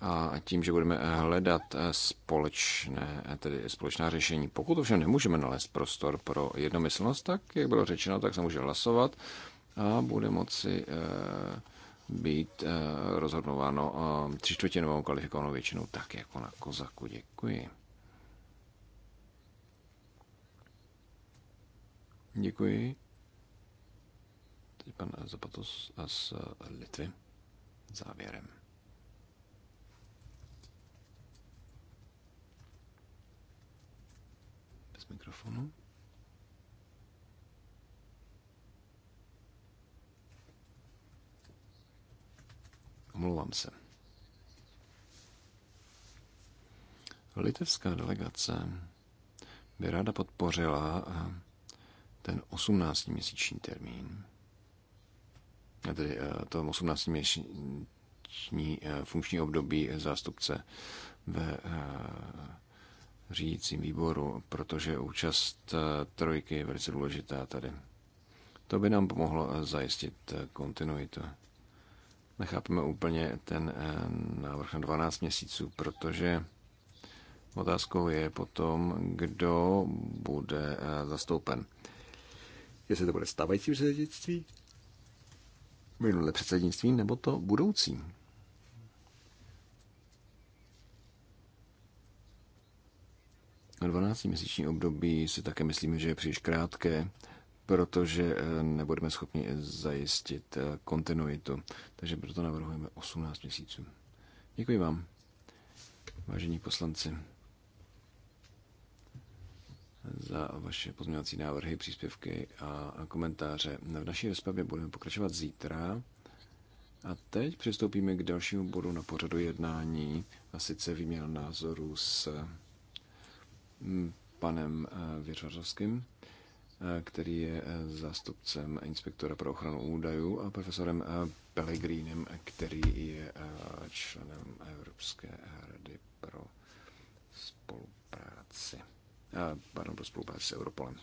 a tím, že budeme hledat společné, tedy společná řešení. Pokud ovšem nemůžeme nalézt prostor pro jednomyslnost, tak, jak bylo řečeno, tak se může hlasovat a bude moci eh, být eh, rozhodnováno eh, třičtvrtinovou kvalifikovanou většinou, tak jako na Kozaku. Děkuji. Děkuji. Teď pan Zapatos z Litvy závěrem. Bez mikrofonu. Omlouvám se. Litevská delegace by ráda podpořila eh, ten 18-měsíční termín, tedy eh, to 18-měsíční eh, funkční období zástupce ve řídícím výboru, protože účast trojky je velice důležitá tady. To by nám pomohlo zajistit kontinuitu nechápeme úplně ten eh, návrh na 12 měsíců, protože otázkou je potom, kdo bude eh, zastoupen. Jestli to bude stávající předsednictví, minulé předsednictví, nebo to budoucí. Na 12 měsíční období si také myslíme, že je příliš krátké protože eh, nebudeme schopni zajistit eh, kontinuitu. Takže proto navrhujeme 18 měsíců. Děkuji vám, vážení poslanci, za vaše pozměňovací návrhy, příspěvky a komentáře. No, v naší rozpravě budeme pokračovat zítra. A teď přistoupíme k dalšímu bodu na pořadu jednání, a sice výměna názoru s mm, panem eh, Věřařovským který je eh, zástupcem inspektora pro ochranu údajů, a profesorem eh, Pellegrinem, který je eh, členem Evropské rady pro spolupráci. Pardon, pro spolupráci s Europolem.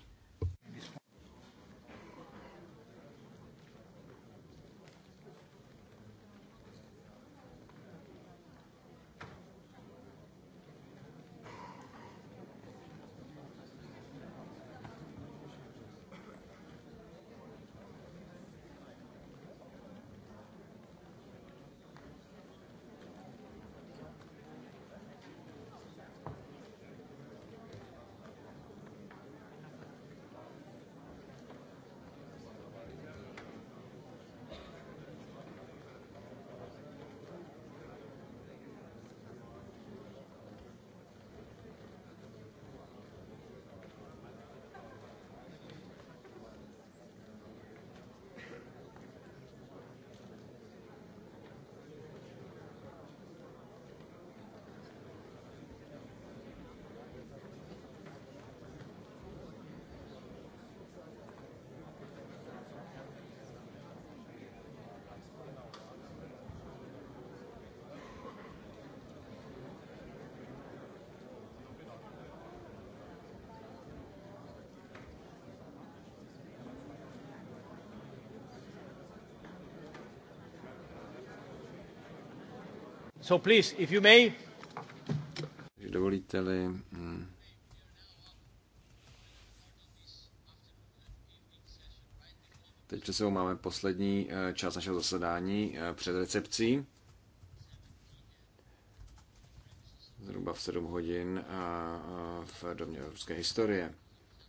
So please, if you may.
Dovolíte-li, mm, Teď před máme poslední eh, část našeho zasedání eh, před recepcí. Zhruba v 7 hodin eh, v Domě evropské historie.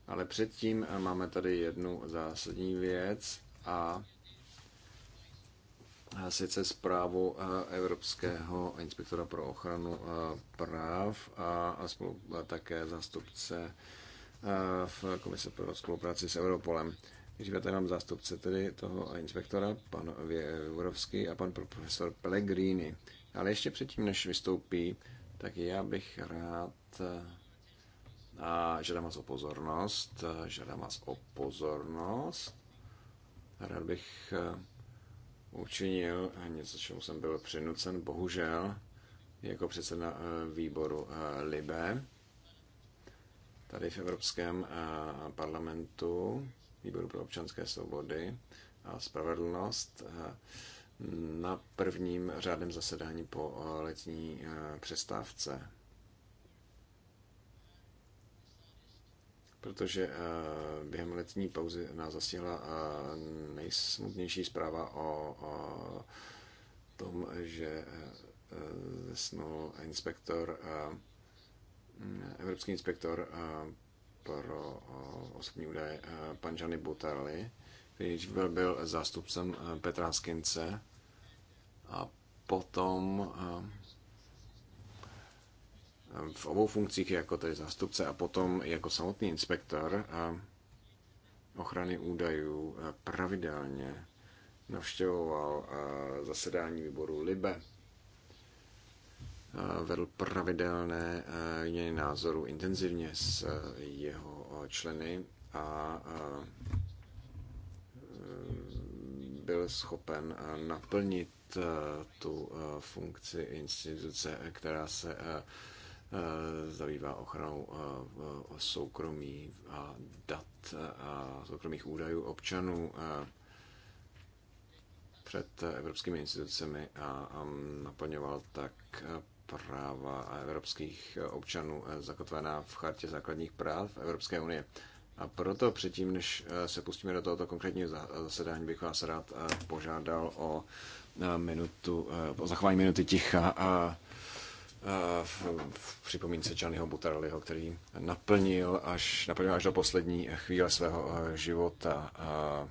Ale předtím máme tady jednu zásadní věc a sice zprávu eh, Evropského inspektora pro ochranu eh, práv a spolu také zástupce eh, v Komise pro spolupráci s Europolem. Nejdříve tady mám zástupce tedy toho inspektora, pan Věvorovský a pan profesor Pellegrini. Ale ještě předtím, než vystoupí, tak já bych rád a žádám vás o pozornost, žádám vás o pozornost. Rád bych učinil něco, čemu jsem byl přinucen, bohužel, jako předseda eh, výboru eh, Libe tady v Evropském eh, parlamentu, výboru pro občanské svobody a spravedlnost, na prvním řádném zasedání po letní přestávce. protože eh, během letní pauzy nás zastihla eh, nejsmutnější zpráva o tom, že eh, zesnul inspektor, evropský inspektor pro osobní údaje pan Gianni Butarli, který byl, byl zástupcem Petra Skince a potom v obou funkcích, jako tedy zástupce a potom jako samotný inspektor ochrany údajů pravidelně navštěvoval zasedání výboru LIBE. Vedl pravidelné výměny názoru intenzivně s e, jeho e, členy a e, byl schopen naplnit tu funkci instituce, která se Eh, zabývá ochranou eh, soukromí a dat eh, a soukromých údajů občanů před evropskými institucemi a naplňoval tak práva evropských občanů zakotvená v chartě základních práv Evropské unie. A proto předtím, než se pustíme do tohoto konkrétního zasedání, bych vás rád požádal o minutu, o zachování minuty ticha a Eh, v, v připomínce Johnnyho Butterliho, který naplnil až, naplnil až do poslední chvíle svého eh, života eh,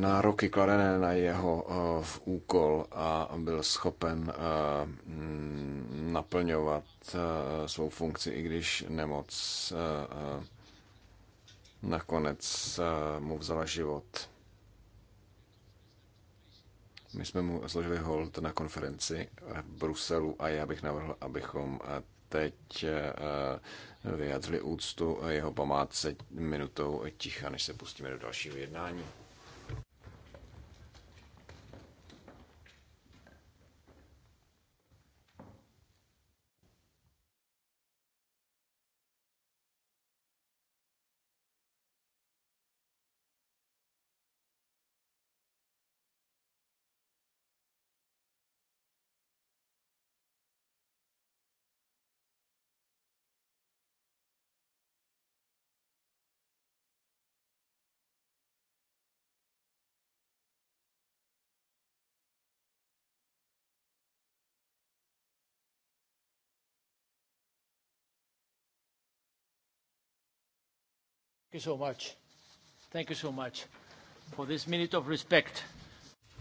nároky kladené na jeho v úkol a byl schopen mm, naplňovat svou funkci, i když nemoc nakonec mu vzala život. My jsme mu složili hold na konferenci v Bruselu a já bych navrhl, abychom teď eh, vyjádřili úctu jeho památce minutou ticha, než se pustíme do dalšího jednání.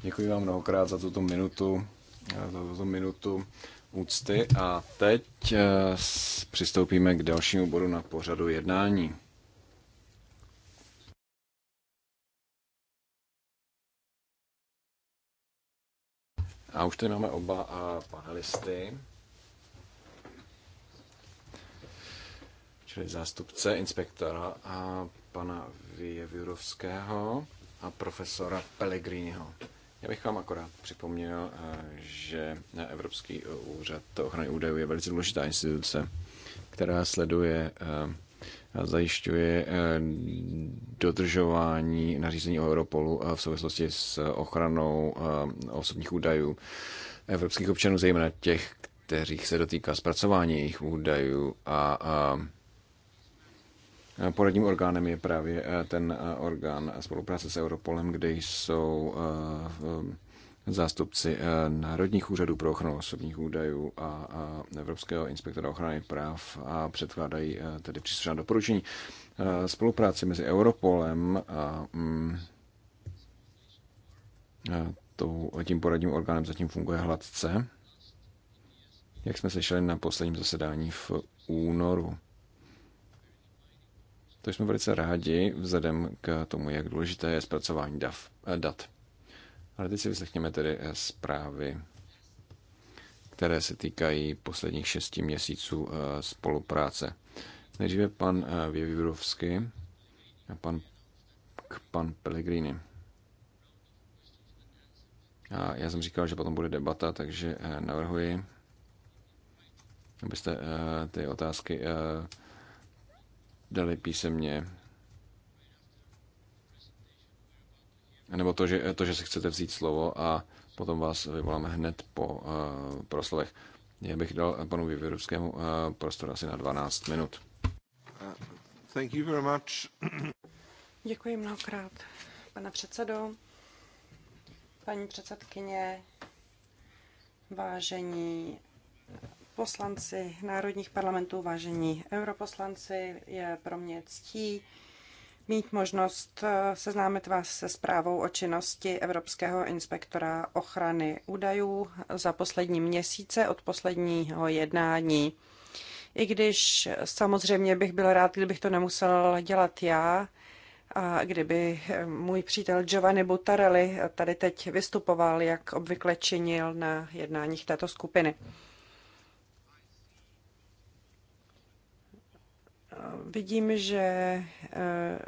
Děkuji vám mnohokrát za tuto minutu, eh, za tuto minutu úcty a teď eh, přistoupíme k dalšímu bodu na pořadu jednání. A už tady máme oba eh, panelisty. čili zástupce inspektora a pana Vyjevjurovského a profesora Pellegriniho. Já bych vám akorát připomněl, eh, že Evropský úřad ochrany údajů je velice důležitá instituce, která sleduje eh, a zajišťuje eh, dodržování nařízení o Europolu v souvislosti s ochranou osobních údajů evropských občanů, zejména těch, kteří se dotýká zpracování jejich údajů a, a Poradním orgánem je právě eh, ten eh, orgán spolupráce s Europolem, kde jsou eh, zástupci Národních úřadů pro ochranu osobních údajů a Evropského inspektora ochrany práv a předkládají tedy příslušná doporučení. Spolupráci mezi Europolem a mm, tím poradním orgánem zatím funguje hladce, jak jsme slyšeli na posledním zasedání v únoru. To jsme velice rádi vzhledem k tomu, jak důležité je zpracování eh, dat. Ale teď si vyslechněme tedy eh, zprávy, které se týkají posledních šesti měsíců eh, spolupráce. Nejdříve pan Věvivrovský a pan, pan Pellegrini. A já jsem říkal, že potom bude debata, takže navrhuji, abyste ty otázky dali písemně. Nebo to že, to, že si chcete vzít slovo a potom vás vyvoláme hned po uh, proslovech. Já bych dal panu Vyvěrovskému uh, prostor asi na 12 minut. Eh,
thank you very much.
Děkuji mnohokrát, pane předsedo, paní předsedkyně, vážení poslanci národních parlamentů, vážení europoslanci, je pro mě ctí mít možnost eh, seznámit vás se zprávou o činnosti Evropského inspektora ochrany údajů za poslední měsíce od posledního jednání. I když samozřejmě bych byl rád, kdybych to nemusel dělat já, a kdyby eh, můj přítel Giovanni Butarelli tady teď vystupoval, jak obvykle činil na jednáních této skupiny. Vidím, že eh,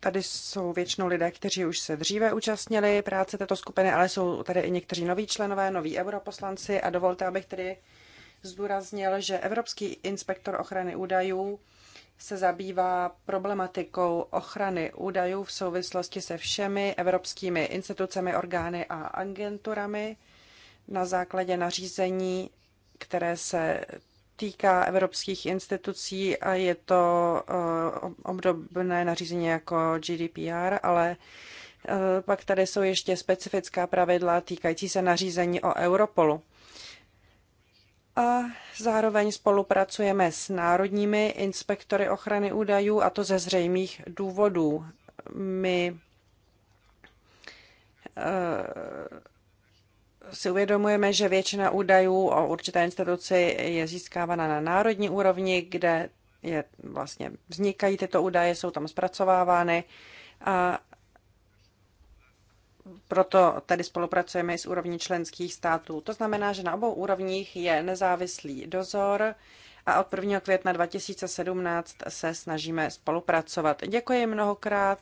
tady jsou většinou lidé, kteří už se dříve účastnili práce této skupiny, ale jsou tady i někteří noví členové, noví europoslanci a dovolte, abych tedy zdůraznil, že Evropský inspektor ochrany údajů se zabývá problematikou ochrany údajů v souvislosti se všemi evropskými institucemi, orgány a agenturami na základě nařízení, které se týká evropských institucí a je to eh, obdobné nařízení jako GDPR, ale eh, pak tady jsou ještě specifická pravidla týkající se nařízení o Europolu. A zároveň spolupracujeme s národními inspektory ochrany údajů, a to ze zřejmých důvodů. My eh, si uvědomujeme, že většina údajů o určité instituci je získávána na národní úrovni, kde je, vlastně vznikají tyto údaje, jsou tam zpracovávány a proto tady spolupracujeme i s úrovní členských států. To znamená, že na obou úrovních je nezávislý dozor a od 1. května 2017 se snažíme spolupracovat. Děkuji mnohokrát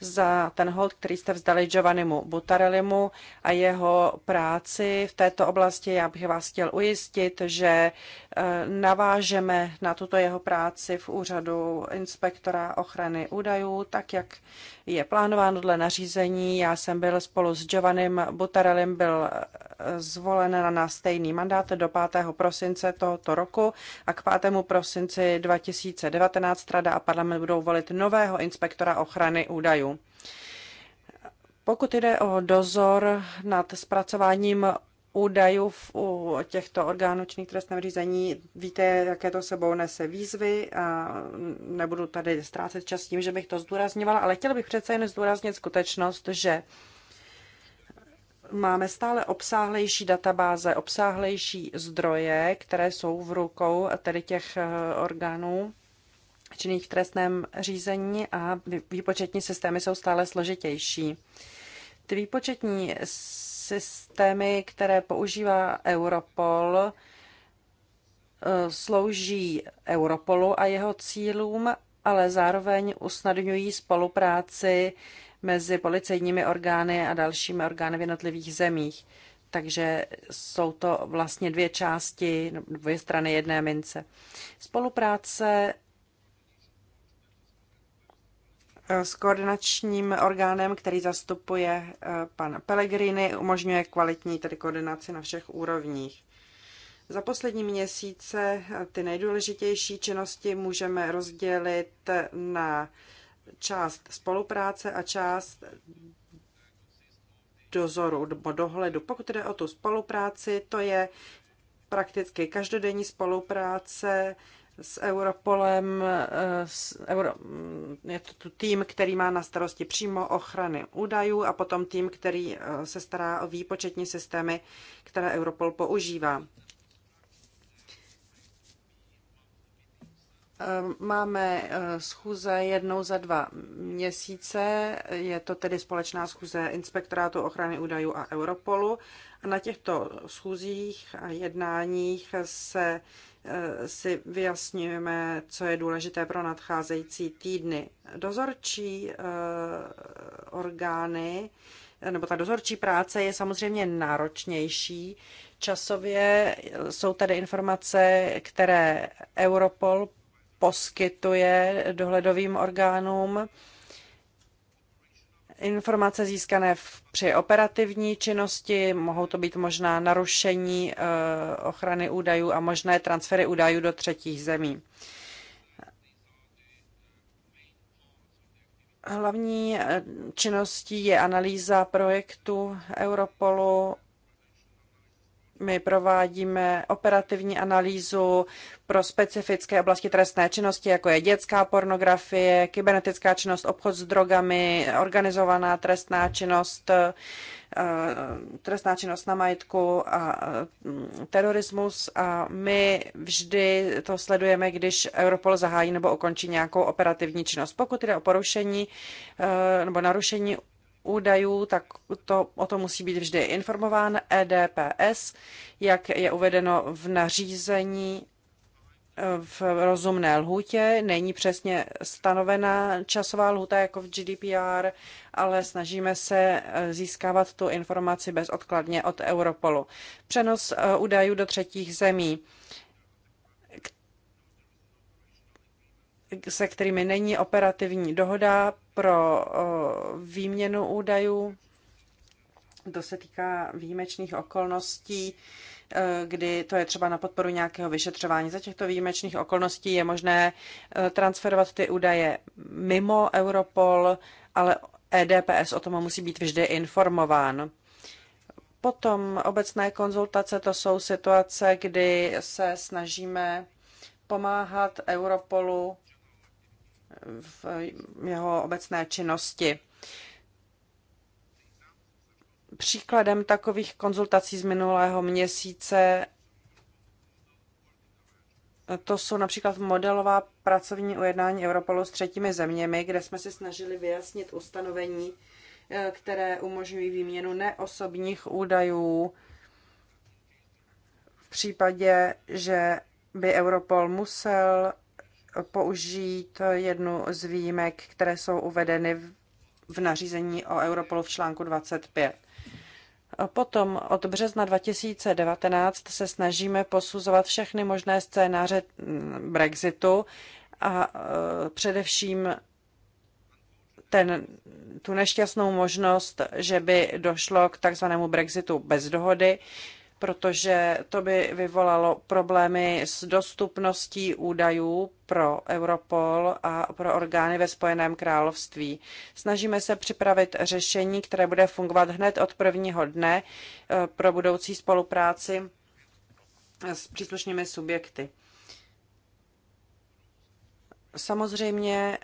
za ten hold, který jste vzdali Giovannimu Butarelimu a jeho práci v této oblasti. Já bych vás chtěl ujistit, že eh, navážeme na tuto jeho práci v úřadu inspektora ochrany údajů, tak jak je plánováno dle nařízení. Já jsem byl spolu s Giovannim Butarelim, byl eh, zvolen na stejný mandát do 5. prosince tohoto roku a k 5. prosinci 2019 Rada a parlament budou volit nového inspektora ochrany ochrany údajů. Pokud jde o dozor nad zpracováním údajů u těchto orgánů činných trestném řízení. Víte, jaké to sebou nese výzvy a nebudu tady ztrácet čas tím, že bych to zdůrazňovala, ale chtěla bych přece jen zdůraznit skutečnost, že máme stále obsáhlejší databáze, obsáhlejší zdroje, které jsou v rukou tedy těch eh, orgánů činných v trestném řízení a výpočetní systémy jsou stále složitější. Ty výpočetní systémy, které používá Europol, eh, slouží Europolu a jeho cílům, ale zároveň usnadňují spolupráci mezi policejními orgány a dalšími orgány v jednotlivých zemích. Takže jsou to vlastně dvě části, dvě strany jedné mince. Spolupráce Eh, s koordinačním orgánem, který zastupuje eh, pan Pellegrini, umožňuje kvalitní tedy koordinaci na všech úrovních. Za poslední měsíce eh, ty nejdůležitější činnosti můžeme rozdělit na část spolupráce a část dozoru nebo dohledu. Pokud jde o tu spolupráci, to je prakticky každodenní spolupráce s Europolem. Eh, s Euro, mm, je to tu tým, který má na starosti přímo ochrany údajů a potom tým, který eh, se stará o výpočetní systémy, které Europol používá. Eh, máme schůze jednou za dva měsíce, je to tedy společná schůze Inspektorátu ochrany údajů a Europolu a na těchto schůzích a jednáních se eh, si vyjasňujeme, co je důležité pro nadcházející týdny. Dozorčí eh, orgány nebo ta dozorčí práce je samozřejmě náročnější. Časově jsou tady informace, které Europol poskytuje dohledovým orgánům informace získané v, při operativní činnosti, mohou to být možná narušení eh, ochrany údajů a možné transfery údajů do třetích zemí. Hlavní eh, činností je analýza projektu Europolu my provádíme operativní analýzu pro specifické oblasti trestné činnosti, jako je dětská pornografie, kybernetická činnost, obchod s drogami, organizovaná trestná činnost, eh, trestná činnost na majetku a eh, terorismus. A my vždy to sledujeme, když Europol zahájí nebo ukončí nějakou operativní činnost. Pokud jde o porušení eh, nebo narušení údajů, tak to, o to musí být vždy informován EDPS, jak je uvedeno v nařízení eh, v rozumné lhůtě. Není přesně stanovená časová lhůta jako v GDPR, ale snažíme se eh, získávat tu informaci bezodkladně od Europolu. Přenos eh, údajů do třetích zemí. se kterými není operativní dohoda pro výměnu údajů. To se týká výjimečných okolností, e, kdy to je třeba na podporu nějakého vyšetřování. Za těchto výjimečných okolností je možné e, transferovat ty údaje mimo Europol, ale EDPS o tom musí být vždy informován. Potom obecné konzultace, to jsou situace, kdy se snažíme pomáhat Europolu v jeho obecné činnosti. Příkladem takových konzultací z minulého měsíce to jsou například modelová pracovní ujednání Europolu s třetími zeměmi, kde jsme si snažili vyjasnit ustanovení, eh, které umožňují výměnu neosobních údajů v případě, že by Europol musel použít jednu z výjimek, které jsou uvedeny v nařízení o Europolu v článku 25. Potom od března 2019 se snažíme posuzovat všechny možné scénáře Brexitu a e, především ten, tu nešťastnou možnost, že by došlo k takzvanému Brexitu bez dohody protože to by vyvolalo problémy s dostupností údajů pro Europol a pro orgány ve Spojeném království. Snažíme se připravit řešení, které bude fungovat hned od prvního dne eh, pro budoucí spolupráci s příslušnými subjekty. Samozřejmě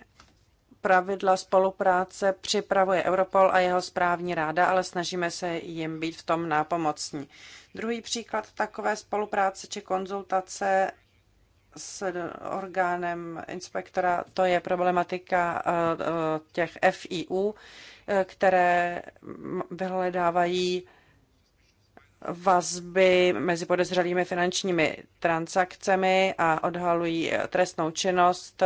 pravidla spolupráce připravuje Europol a jeho správní ráda, ale snažíme se jim být v tom nápomocní. Druhý příklad takové spolupráce či konzultace s orgánem inspektora, to je problematika eh, eh, těch FIU, eh, které vyhledávají vazby mezi podezřelými finančními transakcemi a odhalují trestnou činnost.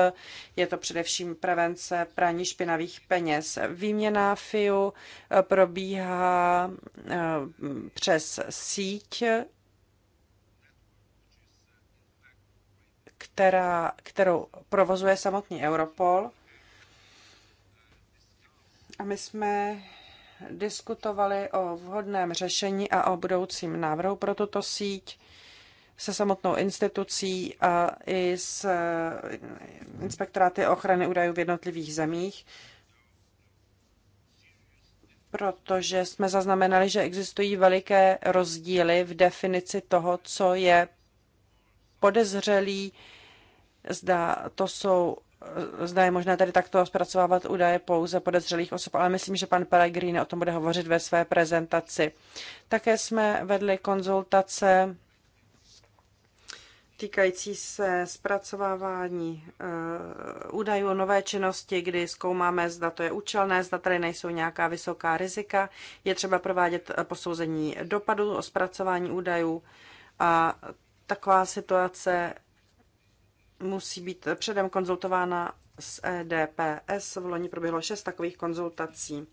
Je to především prevence praní špinavých peněz. Výměna FIU probíhá eh, přes síť, která, kterou provozuje samotný Europol. A my jsme diskutovali o vhodném řešení a o budoucím návrhu pro tuto síť se samotnou institucí a i s eh, inspektoráty ochrany údajů v jednotlivých zemích, protože jsme zaznamenali, že existují veliké rozdíly v definici toho, co je podezřelý, zda to jsou Eh, zda je možné tady takto zpracovávat údaje pouze podezřelých osob, ale myslím, že pan Pellegrini o tom bude hovořit ve své prezentaci. Také jsme vedli konzultace týkající se zpracovávání eh, údajů o nové činnosti, kdy zkoumáme, zda to je účelné, zda tady nejsou nějaká vysoká rizika. Je třeba provádět eh, posouzení dopadu o zpracování údajů a taková situace musí být předem konzultována s EDPS. V loni proběhlo šest takových konzultací.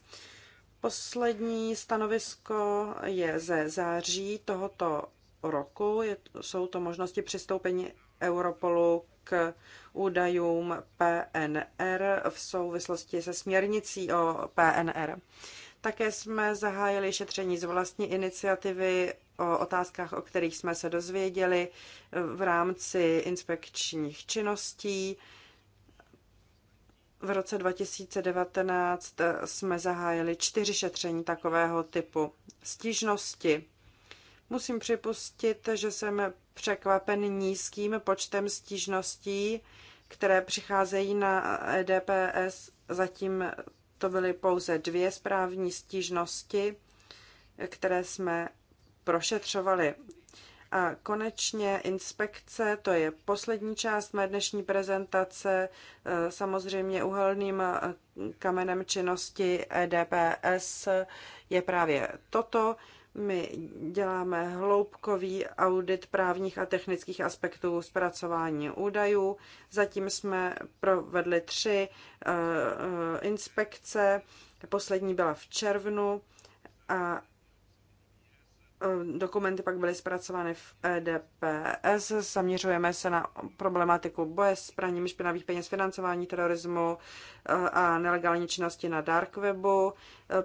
Poslední stanovisko je ze září tohoto roku. Je, jsou to možnosti přistoupení Europolu k údajům PNR v souvislosti se směrnicí o PNR. Také jsme zahájili šetření z vlastní iniciativy o otázkách, o kterých jsme se dozvěděli v rámci inspekčních činností. V roce 2019 jsme zahájili čtyři šetření takového typu stížnosti. Musím připustit, že jsem překvapen nízkým počtem stížností, které přicházejí na EDPS. Zatím to byly pouze dvě správní stížnosti, které jsme prošetřovali. A konečně inspekce, to je poslední část mé dnešní prezentace, eh, samozřejmě uhelným eh, kamenem činnosti EDPS je právě toto. My děláme hloubkový audit právních a technických aspektů zpracování údajů. Zatím jsme provedli tři eh, eh, inspekce. Poslední byla v červnu a Ehm, dokumenty pak byly zpracovány v EDPS. Zaměřujeme se na problematiku boje s praním špinavých peněz, financování terorismu eh, a nelegální činnosti na dark webu.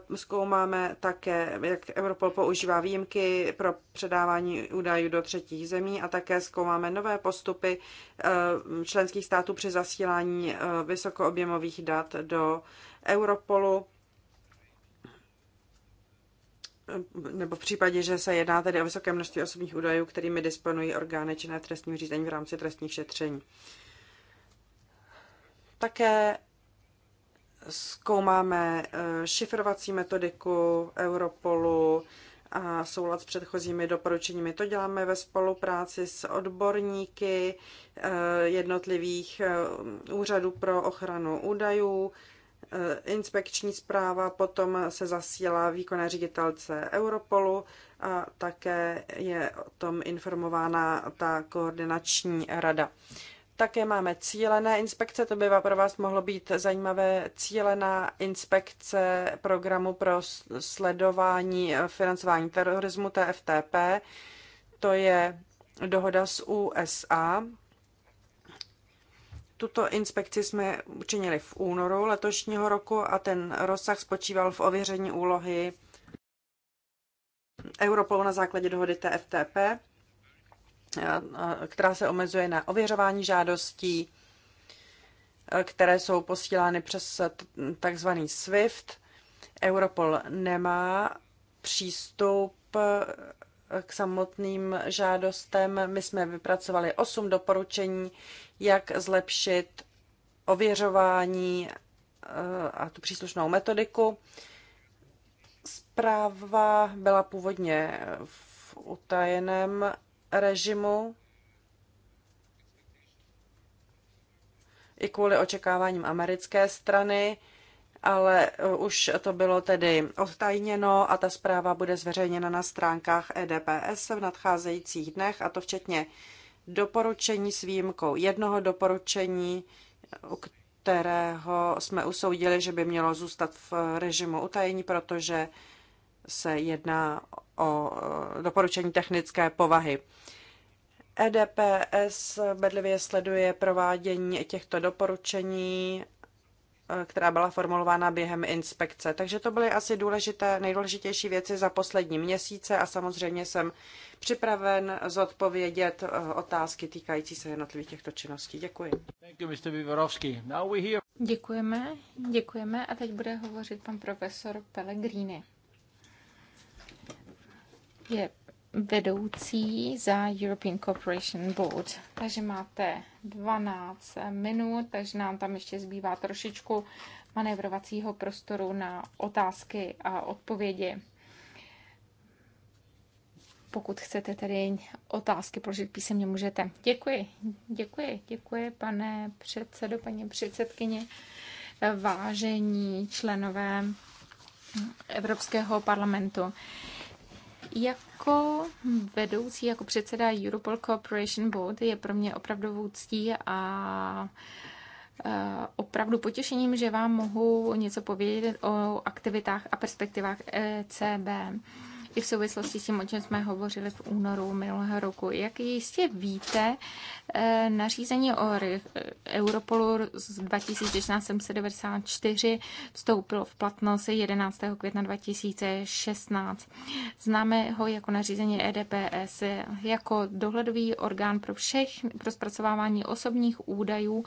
Ehm, zkoumáme také, jak Europol používá výjimky pro předávání údajů do třetích zemí a také zkoumáme nové postupy ehm, členských států při zasílání eh, vysokoobjemových dat do Europolu nebo v případě, že se jedná tedy o vysoké množství osobních údajů, kterými disponují orgány činné v trestním řízení v rámci trestních šetření. Také zkoumáme eh, šifrovací metodiku Europolu a soulad s předchozími doporučeními. To děláme ve spolupráci s odborníky eh, jednotlivých eh, úřadů pro ochranu údajů, Eh, inspekční zpráva potom se zasílá výkonné ředitelce Europolu a také je o tom informována ta koordinační rada. Také máme cílené inspekce, to by pro vás mohlo být zajímavé. Cílená inspekce programu pro sledování eh, financování terorismu TFTP, to je dohoda s USA, tuto inspekci jsme učinili v únoru letošního roku a ten rozsah spočíval v ověření úlohy Europolu na základě dohody TFTP, která se omezuje na ověřování žádostí, které jsou posílány přes takzvaný SWIFT. Europol nemá přístup k samotným žádostem. My jsme vypracovali osm doporučení, jak zlepšit ověřování eh, a tu příslušnou metodiku. Zpráva byla původně v utajeném režimu i kvůli očekáváním americké strany ale eh, už to bylo tedy odtajněno a ta zpráva bude zveřejněna na stránkách EDPS v nadcházejících dnech, a to včetně doporučení s výjimkou jednoho doporučení, u kterého jsme usoudili, že by mělo zůstat v režimu utajení, protože se jedná o eh, doporučení technické povahy. EDPS bedlivě sleduje provádění těchto doporučení Eh, která byla formulována během inspekce. Takže to byly asi důležité, nejdůležitější věci za poslední měsíce a samozřejmě jsem připraven zodpovědět eh, otázky týkající se jednotlivých těchto činností. Děkuji.
Děkujeme, děkujeme a teď bude hovořit pan profesor Pellegrini. Je vedoucí za European Corporation Board. Takže máte 12 minut, takže nám tam ještě zbývá trošičku manévrovacího prostoru na otázky a odpovědi. Pokud chcete tedy otázky položit písemně, můžete. Děkuji, děkuji, děkuji, pane předsedo, paní předsedkyně, vážení členové Evropského parlamentu. Jako vedoucí, jako předseda Europol Cooperation Board je pro mě opravdovou ctí a opravdu potěšením, že vám mohu něco povědět o aktivitách a perspektivách ECB i v souvislosti s tím, o čem jsme hovořili v únoru minulého roku. Jak jistě víte, eh, nařízení o Europolu z 2694 vstoupilo v platnost 11. května 2016. Známe ho jako nařízení EDPS, jako dohledový orgán pro, všech, pro zpracovávání osobních údajů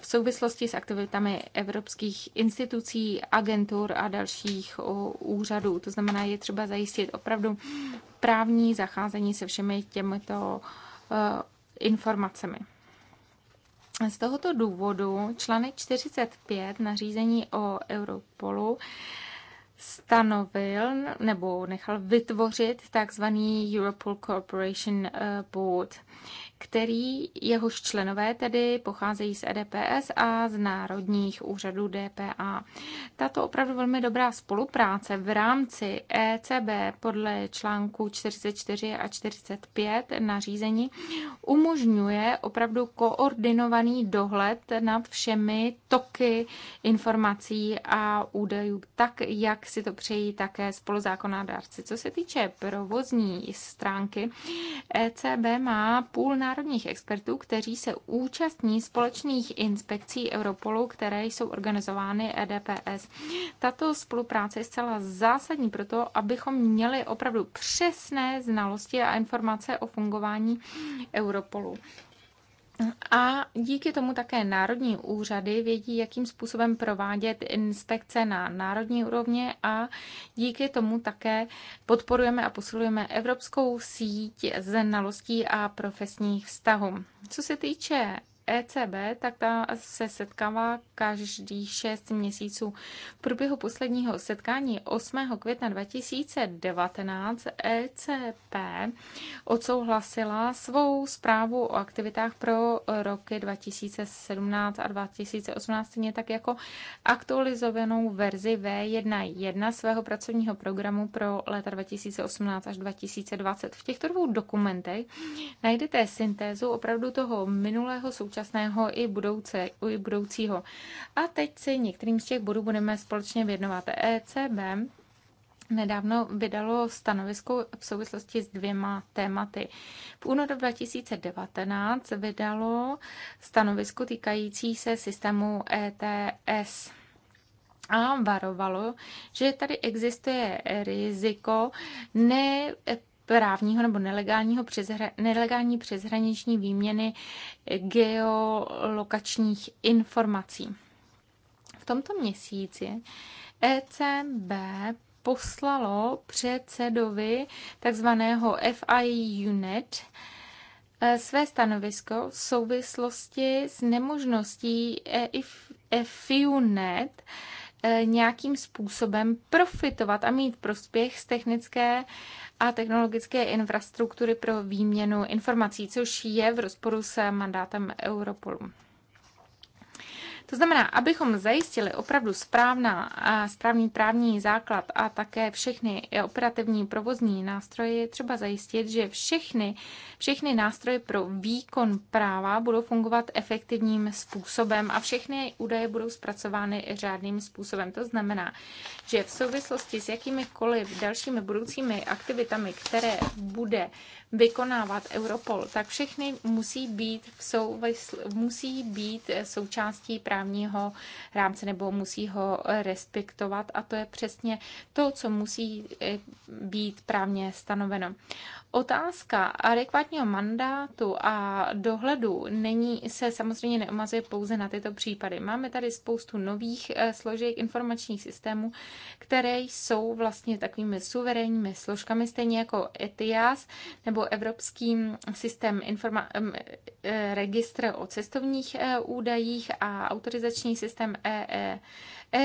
v souvislosti s aktivitami evropských institucí, agentur a dalších úřadů. To znamená, je třeba zajistit opravdu právní zacházení se všemi těmito e, informacemi. Z tohoto důvodu článek 45 nařízení o Europolu stanovil nebo nechal vytvořit takzvaný Europol Corporation e, Board který jehož členové tedy pocházejí z EDPS a z národních úřadů DPA. Tato opravdu velmi dobrá spolupráce v rámci ECB podle článku 44 a 45 nařízení umožňuje opravdu koordinovaný dohled nad všemi toky informací a údajů, tak jak si to přejí také spoluzákonodárci. Co se týče provozní stránky, ECB má půl na mezinárodních expertů, kteří se účastní společných inspekcí Europolu, které jsou organizovány EDPS. Tato spolupráce je zcela zásadní pro to, abychom měli opravdu přesné znalosti a informace o fungování Europolu. A díky tomu také národní úřady vědí, jakým způsobem provádět inspekce na národní úrovni a díky tomu také podporujeme a posilujeme evropskou síť znalostí a profesních vztahů. Co se týče ECB, tak ta se setkává každý šest měsíců. V průběhu posledního setkání 8. května 2019 ECB odsouhlasila svou zprávu o aktivitách pro roky 2017 a 2018, stejně tak jako aktualizovanou verzi V1.1 svého pracovního programu pro léta 2018 až 2020. V těchto dvou dokumentech najdete syntézu opravdu toho minulého současného současného i, budouce, i budoucího. A teď si některým z těch bodů budeme společně věnovat. ECB nedávno vydalo stanovisko v souvislosti s dvěma tématy. V únoru 2019 vydalo stanovisko týkající se systému ETS a varovalo, že tady existuje riziko ne právního nebo nelegálního přezhra, nelegální přeshraniční výměny geolokačních informací. V tomto měsíci ECB poslalo předsedovi takzvaného FI Unit eh, své stanovisko v souvislosti s nemožností e FIUNET Eh, nějakým způsobem profitovat a mít prospěch z technické a technologické infrastruktury pro výměnu informací, což je v rozporu s mandátem Europolu. To znamená, abychom zajistili opravdu správná správný právní základ a také všechny operativní provozní nástroje, třeba zajistit, že všechny, všechny nástroje pro výkon práva budou fungovat efektivním způsobem a všechny údaje budou zpracovány řádným způsobem. To znamená, že v souvislosti s jakýmikoliv dalšími budoucími aktivitami, které bude vykonávat Europol, tak všechny musí být, v souvisl, musí být eh, součástí právního rámce nebo musí ho eh, respektovat a to je přesně to, co musí eh, být právně stanoveno. Otázka adekvátního mandátu a dohledu není, se samozřejmě neomazuje pouze na tyto případy. Máme tady spoustu nových eh, složek informačních systémů, které jsou vlastně takovými suverénními složkami, stejně jako ETIAS nebo Evropský systém informa- eh, registr o cestovních eh, údajích a autorizační systém EES,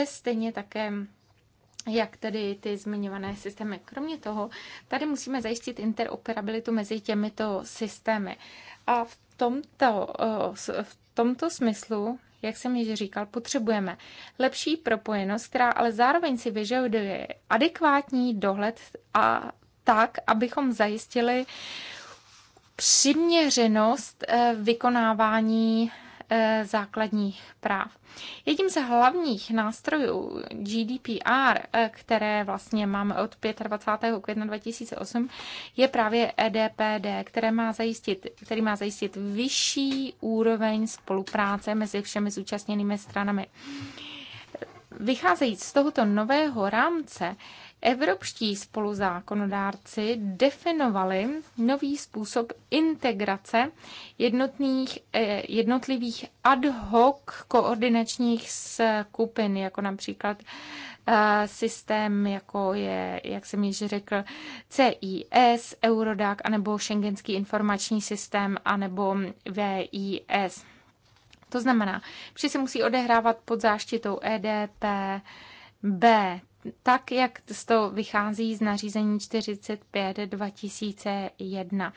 stejně také jak tedy ty zmiňované systémy. Kromě toho, tady musíme zajistit interoperabilitu mezi těmito systémy. A v tomto, v tomto smyslu jak jsem již říkal, potřebujeme lepší propojenost, která ale zároveň si vyžaduje adekvátní dohled a tak, abychom zajistili přiměřenost e, vykonávání e, základních práv. Jedním z hlavních nástrojů GDPR, eh, které vlastně máme od 25. května 2008, je právě EDPD, které má zajistit, který má zajistit vyšší úroveň spolupráce mezi všemi zúčastněnými stranami. Vycházejíc z tohoto nového rámce, Evropští spoluzákonodárci definovali nový způsob integrace jednotných, eh, jednotlivých ad hoc koordinačních skupin, jako například eh, systém, jako je, jak jsem již řekl, CIS, Eurodac, anebo Schengenský informační systém, anebo VIS. To znamená, vše se musí odehrávat pod záštitou EDP, B, tak, jak z toho vychází z nařízení 45 2001.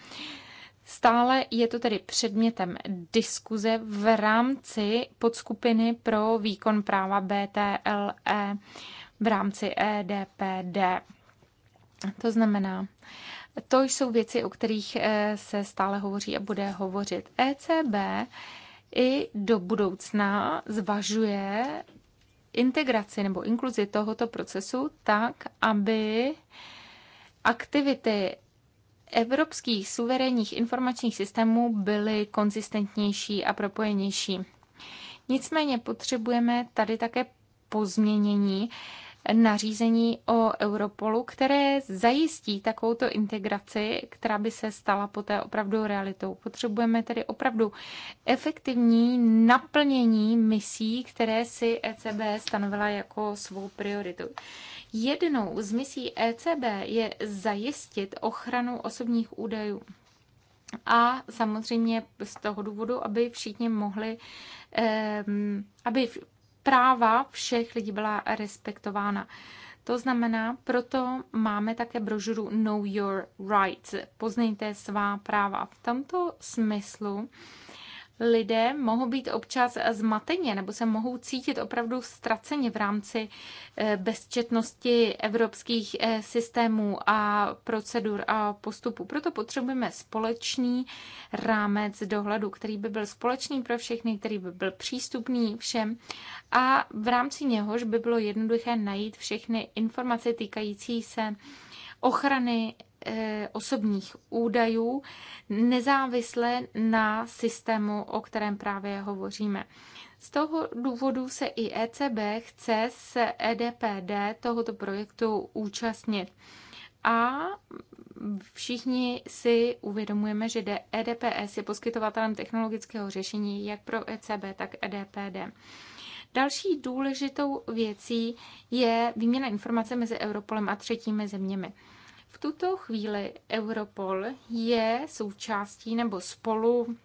Stále je to tedy předmětem diskuze v rámci podskupiny pro výkon práva BTLE v rámci EDPD. To znamená, to jsou věci, o kterých eh, se stále hovoří a bude hovořit. ECB i do budoucna zvažuje integraci nebo inkluzi tohoto procesu tak, aby aktivity evropských suverénních informačních systémů byly konzistentnější a propojenější. Nicméně potřebujeme tady také pozměnění nařízení o Europolu, které zajistí takovouto integraci, která by se stala poté opravdu realitou. Potřebujeme tedy opravdu efektivní naplnění misí, které si ECB stanovila jako svou prioritu. Jednou z misí ECB je zajistit ochranu osobních údajů. A samozřejmě z toho důvodu, aby všichni mohli, ehm, aby práva všech lidí byla respektována. To znamená, proto máme také brožuru Know Your Rights, poznejte svá práva. V tomto smyslu lidé mohou být občas zmateně nebo se mohou cítit opravdu ztraceně v rámci eh, bezčetnosti evropských eh, systémů a procedur a postupů. Proto potřebujeme společný rámec dohledu, který by byl společný pro všechny, který by byl přístupný všem a v rámci něhož by bylo jednoduché najít všechny informace týkající se ochrany Eh, osobních údajů nezávisle na systému, o kterém právě hovoříme. Z toho důvodu se i ECB chce s EDPD tohoto projektu účastnit. A všichni si uvědomujeme, že EDPS e je poskytovatelem technologického řešení jak pro ECB, tak EDPD. Další důležitou věcí je výměna informace mezi Europolem a třetími zeměmi. V tuto chvíli Europol je součástí nebo spolu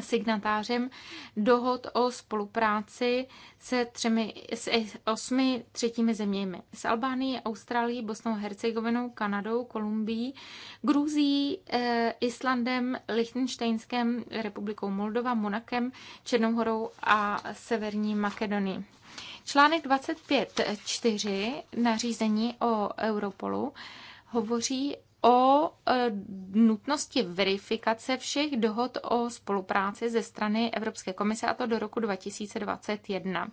signatářem dohod o spolupráci se třemi, s osmi třetími zeměmi. S Albánií, Austrálií, Bosnou, Hercegovinou, Kanadou, Kolumbií, Gruzí, eh, Islandem, Lichtensteinskem, Republikou Moldova, Monakem, Černou horou a Severní Makedonii. Článek 25.4 nařízení o Europolu hovoří o e, nutnosti verifikace všech dohod o spolupráci ze strany Evropské komise, a to do roku 2021.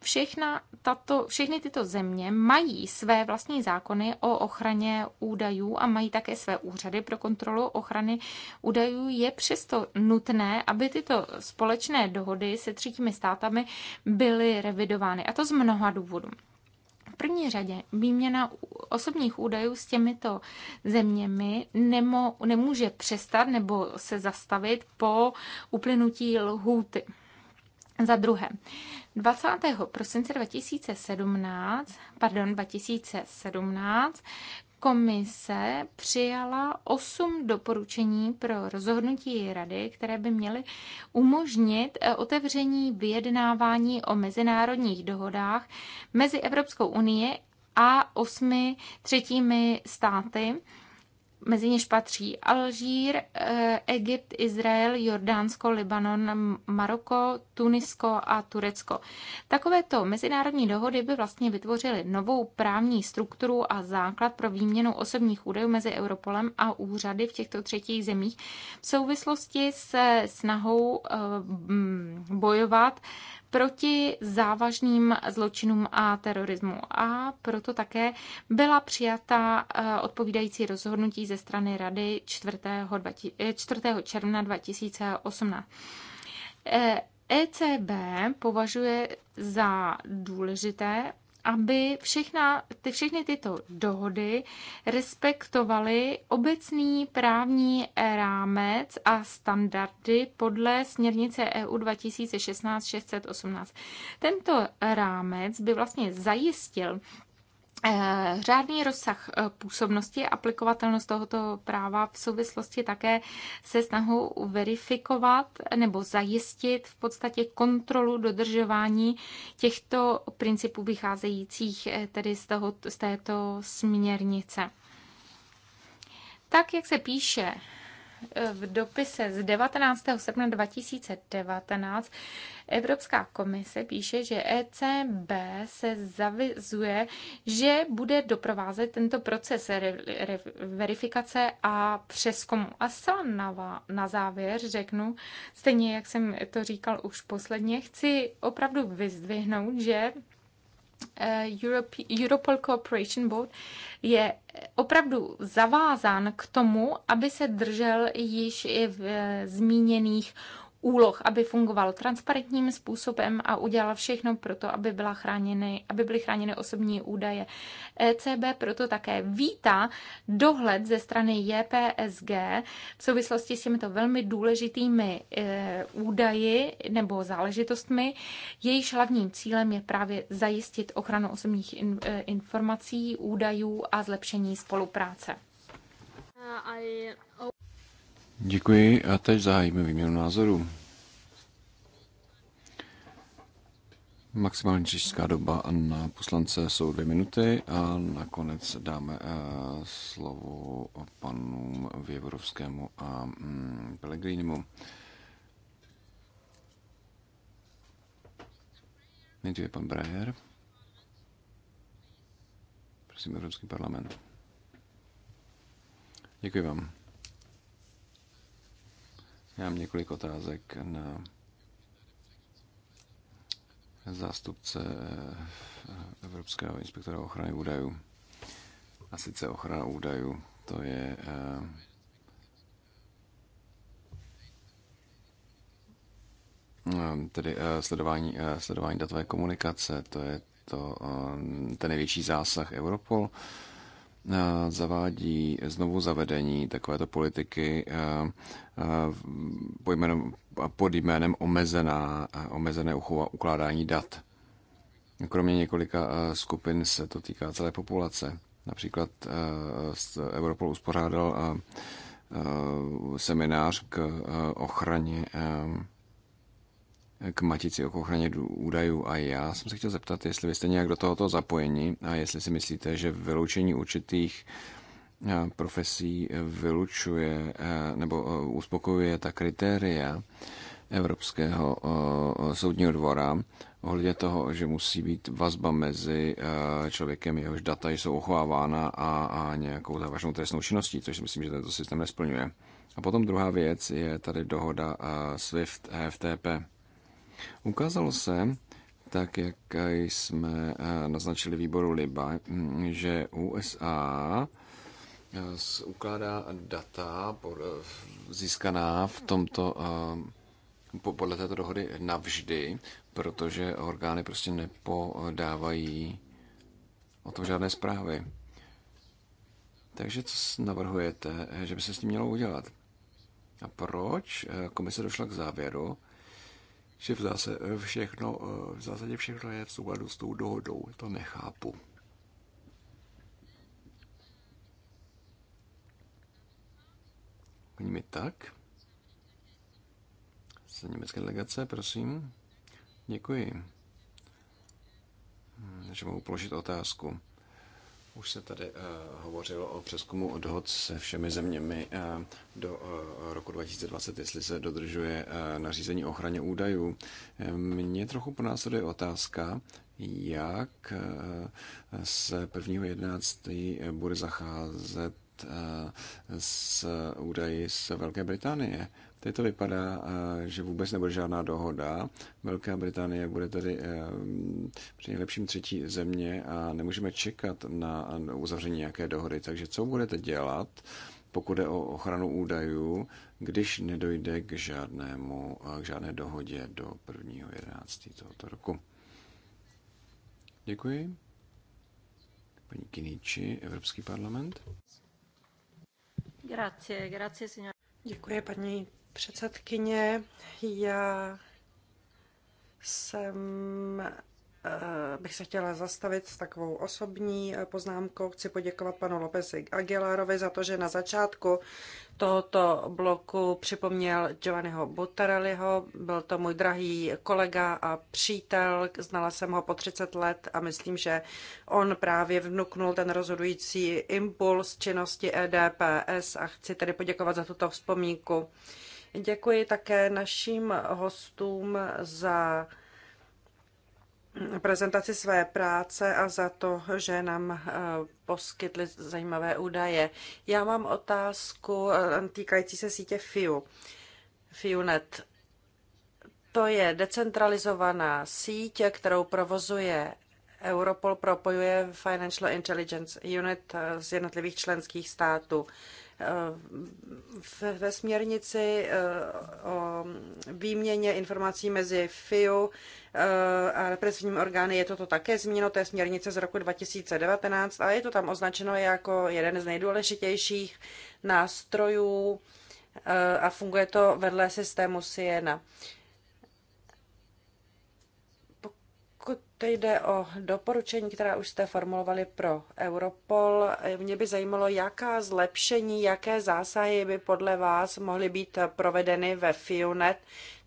Všechna tato, všechny tyto země mají své vlastní zákony o ochraně údajů a mají také své úřady pro kontrolu ochrany údajů. Je přesto nutné, aby tyto společné dohody se třetími státami byly revidovány, a to z mnoha důvodů první řadě výměna osobních údajů s těmito zeměmi nemo, nemůže přestat nebo se zastavit po uplynutí lhůty. Za druhé, 20. prosince 2017, pardon, 2017 komise přijala osm doporučení pro rozhodnutí rady, které by měly umožnit eh, otevření vyjednávání o mezinárodních dohodách mezi Evropskou unii a osmi třetími státy mezi něž patří Alžír, eh, Egypt, Izrael, Jordánsko, Libanon, Maroko, Tunisko a Turecko. Takovéto mezinárodní dohody by vlastně vytvořily novou právní strukturu a základ pro výměnu osobních údajů mezi Europolem a úřady v těchto třetích zemích v souvislosti se snahou eh, bojovat proti závažným zločinům a terorismu. A proto také byla přijata eh, odpovídající rozhodnutí ze strany Rady 4. Eh, června 2018. ECB eh, e považuje za důležité aby všechna, ty, všechny tyto dohody respektovaly obecný právní rámec a standardy podle směrnice EU 2016-618. Tento rámec by vlastně zajistil Eh, řádný rozsah eh, působnosti a aplikovatelnost tohoto práva v souvislosti také se snahou verifikovat nebo zajistit v podstatě kontrolu dodržování těchto principů vycházejících eh, tedy z, toho, z této směrnice. Tak, jak se píše v dopise z 19. srpna 2019 Evropská komise píše, že ECB se zavizuje, že bude doprovázet tento proces verifikace a přeskumu. A zcela na, na závěr řeknu, stejně jak jsem to říkal už posledně, chci opravdu vyzdvihnout, že Eh, Europe, Europol Cooperation Board je opravdu zavázán k tomu, aby se držel již i v eh, zmíněných úloh, aby fungoval transparentním způsobem a udělal všechno pro to, aby, byla chráněny, aby byly chráněny osobní údaje. ECB proto také vítá dohled ze strany JPSG v souvislosti s těmito velmi důležitými e, údaji nebo záležitostmi. Jejíž hlavním cílem je právě zajistit ochranu osobních e, informací, údajů a zlepšení spolupráce. Uh,
Děkuji a teď zahájíme výměnu názorů. Maximální řečnická doba na poslance jsou dvě minuty a nakonec dáme eh, slovo panu Věvorovskému a mm, Pelegrinimu. Nejdříve pan Breher. Prosím, Evropský parlament. Děkuji vám. Já mám několik otázek na zástupce Evropského inspektora ochrany údajů. A sice ochrana údajů, to je eh, eh, tedy eh, sledování, sledování datové komunikace, to je to, ten největší zásah Europol Eh, zavádí znovu zavedení takovéto politiky eh, eh, pod jménem omezená, omezené ukládání dat. Kromě několika skupin se to týká celé populace. Například Europol uspořádal seminář k ochraně k matici o ochraně údajů a já jsem se chtěl zeptat, jestli vy jste nějak do tohoto zapojení a jestli si myslíte, že vyloučení určitých eh, profesí vylučuje eh, nebo eh, uspokojuje ta kritéria Evropského soudního dvora ohledně toho, že musí být vazba mezi člověkem, jehož data jsou uchovávána a, a nějakou závažnou trestnou činností, což si myslím, že tento systém nesplňuje. A potom druhá věc je tady dohoda SWIFT-FTP. E Ukázalo se, tak jak jsme eh, naznačili výboru Liba, mm, že USA eh, ukládá data eh, získaná v tomto, podle této dohody navždy, protože orgány prostě nepodávají o tom žádné zprávy. Takže co navrhujete, že by se s tím mělo udělat? A proč komise došla k závěru, že v zase všechno, eh, v zásadě všechno je v souladu s tou dohodou. To nechápu. Vními tak. Z německé delegace, prosím. Děkuji, hm, že mohu položit otázku. Už se tady uh, hovořilo o přeskumu dohod se všemi zeměmi uh, do uh, roku 2020, jestli se dodržuje uh, nařízení ochraně údajů. Mě trochu ponásleduje otázka, jak uh, se 1.11. bude zacházet uh, s údaji z Velké Británie. Uh, Teď to vypadá, eh, že vůbec nebude žádná dohoda. Velká Británie bude tedy eh, při nejlepším třetí země a nemůžeme čekat na uzavření nějaké dohody. Takže co budete dělat, pokud je o ochranu údajů, když nedojde k, žádnému, eh, k žádné dohodě do 1.11. tohoto roku? Děkuji. Paní Kiníči, Evropský parlament.
Grazie, grazie, signor.
Děkuji, paní předsedkyně. Já jsem eh, bych se chtěla zastavit s takovou osobní eh, poznámkou. Chci poděkovat panu Lopezi Aguilarovi za to, že na začátku tohoto bloku připomněl Giovanniho Buttarelliho. Byl to můj drahý kolega a přítel. Znala jsem ho po 30 let a myslím, že on právě vnuknul ten rozhodující impuls činnosti EDPS a chci tedy poděkovat za tuto vzpomínku. Děkuji také našim hostům za prezentaci své práce a za to, že nám eh, poskytli zajímavé údaje. Já mám otázku eh, týkající se sítě FIU. FIUNET. To je decentralizovaná síť, kterou provozuje Europol, propojuje Financial Intelligence Unit eh, z jednotlivých členských států. Eh, ve směrnici eh, o výměně informací mezi FIU eh, a represivními orgány je toto také zmíněno, to je směrnice z roku 2019 a je to tam označeno jako jeden z nejdůležitějších nástrojů a funguje to vedle systému Siena. To jde o doporučení, která už jste formulovali pro Europol. Mě by zajímalo, jaká zlepšení, jaké zásahy by podle vás mohly být provedeny ve FIUNET,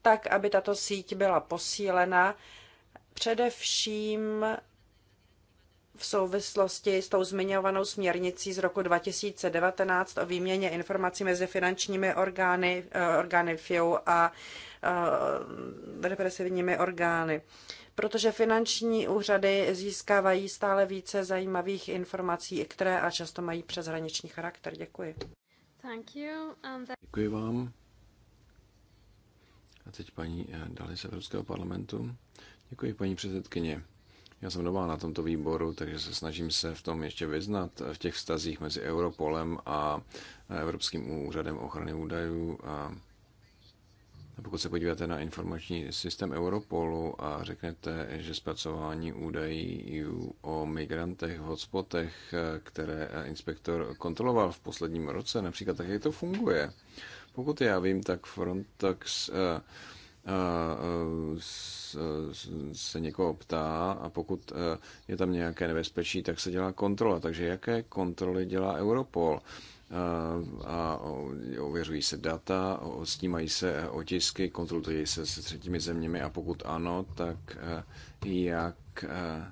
tak aby tato síť byla posílena, především v souvislosti s tou zmiňovanou směrnicí z roku 2019 o výměně informací mezi finančními orgány, eh, orgány FIU e a eh, represivními orgány protože finanční úřady získávají stále více zajímavých informací, které a často mají přeshraniční charakter. Děkuji.
Thank you. And that...
Děkuji vám.
A teď paní eh, Dali z Evropského parlamentu. Děkuji, paní předsedkyně. Já jsem nová na tomto výboru, takže se snažím se v tom ještě vyznat, eh, v těch vztazích mezi Europolem a eh, Evropským úřadem ochrany údajů. A pokud se podíváte na informační systém Europolu a řeknete, že zpracování údajů o migrantech v hotspotech, které inspektor kontroloval v posledním roce, například tak, jak to funguje. Pokud já vím, tak Frontex eh, eh, se někoho ptá a pokud eh, je tam nějaké nebezpečí, tak se dělá kontrola. Takže jaké kontroly dělá Europol? Eh, a ověřují se data, snímají se otisky, konzultují se s třetími zeměmi a pokud ano, tak eh, jak eh,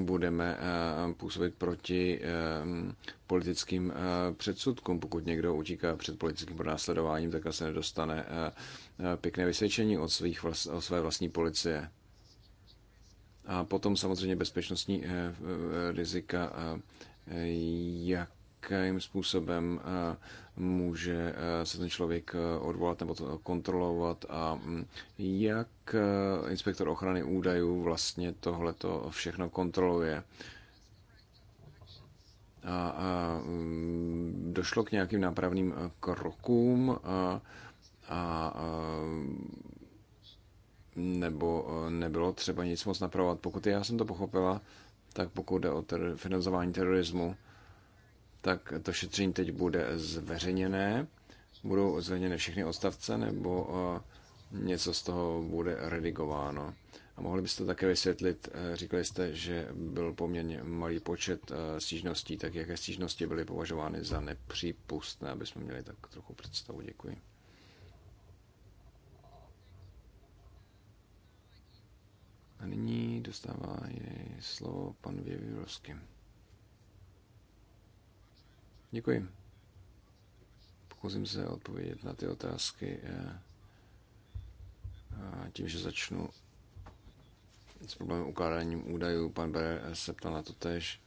budeme působit proti politickým předsudkům. Pokud někdo utíká před politickým pronásledováním, tak se nedostane pěkné vysvědčení od, svých, od své vlastní policie. A potom samozřejmě bezpečnostní rizika jakým způsobem eh, může eh, se ten člověk eh, odvolat nebo to kontrolovat a mm, jak inspektor ochrany údajů vlastně tohleto všechno kontroluje a, a mm, došlo k nějakým nápravným krokům a, a, a nebo nebylo třeba nic moc napravovat. Pokud já jsem to pochopila, tak pokud jde o ter- financování terorismu, tak to šetření teď bude zveřejněné. Budou zveřejněny všechny odstavce nebo eh, něco z toho bude redigováno. A mohli byste také vysvětlit, eh, říkali jste, že byl poměrně malý počet eh, stížností, tak jaké stížnosti byly považovány za nepřípustné, abychom měli tak trochu představu. Děkuji. A nyní dostává jej slovo pan Věvirovský. Děkuji. Pokusím se odpovědět na ty otázky a eh, eh, tím, že začnu s problémem ukládáním údajů. Pan Bere se ptal na to tež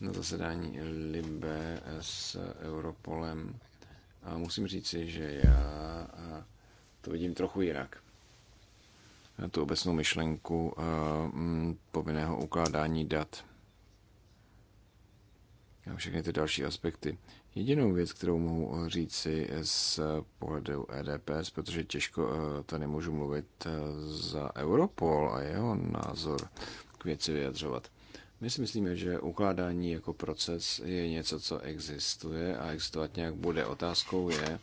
na zasedání Libe s Europolem. A musím říci, že já eh, to vidím trochu jinak tu obecnou myšlenku eh, mm, povinného ukládání dat a všechny ty další aspekty. Jedinou věc, kterou mohu eh, říci z pohledu EDPS, protože těžko eh, tady můžu mluvit za Europol a jeho názor k věci vyjadřovat. My si myslíme, že ukládání jako proces je něco, co existuje a existovat nějak bude. Otázkou je,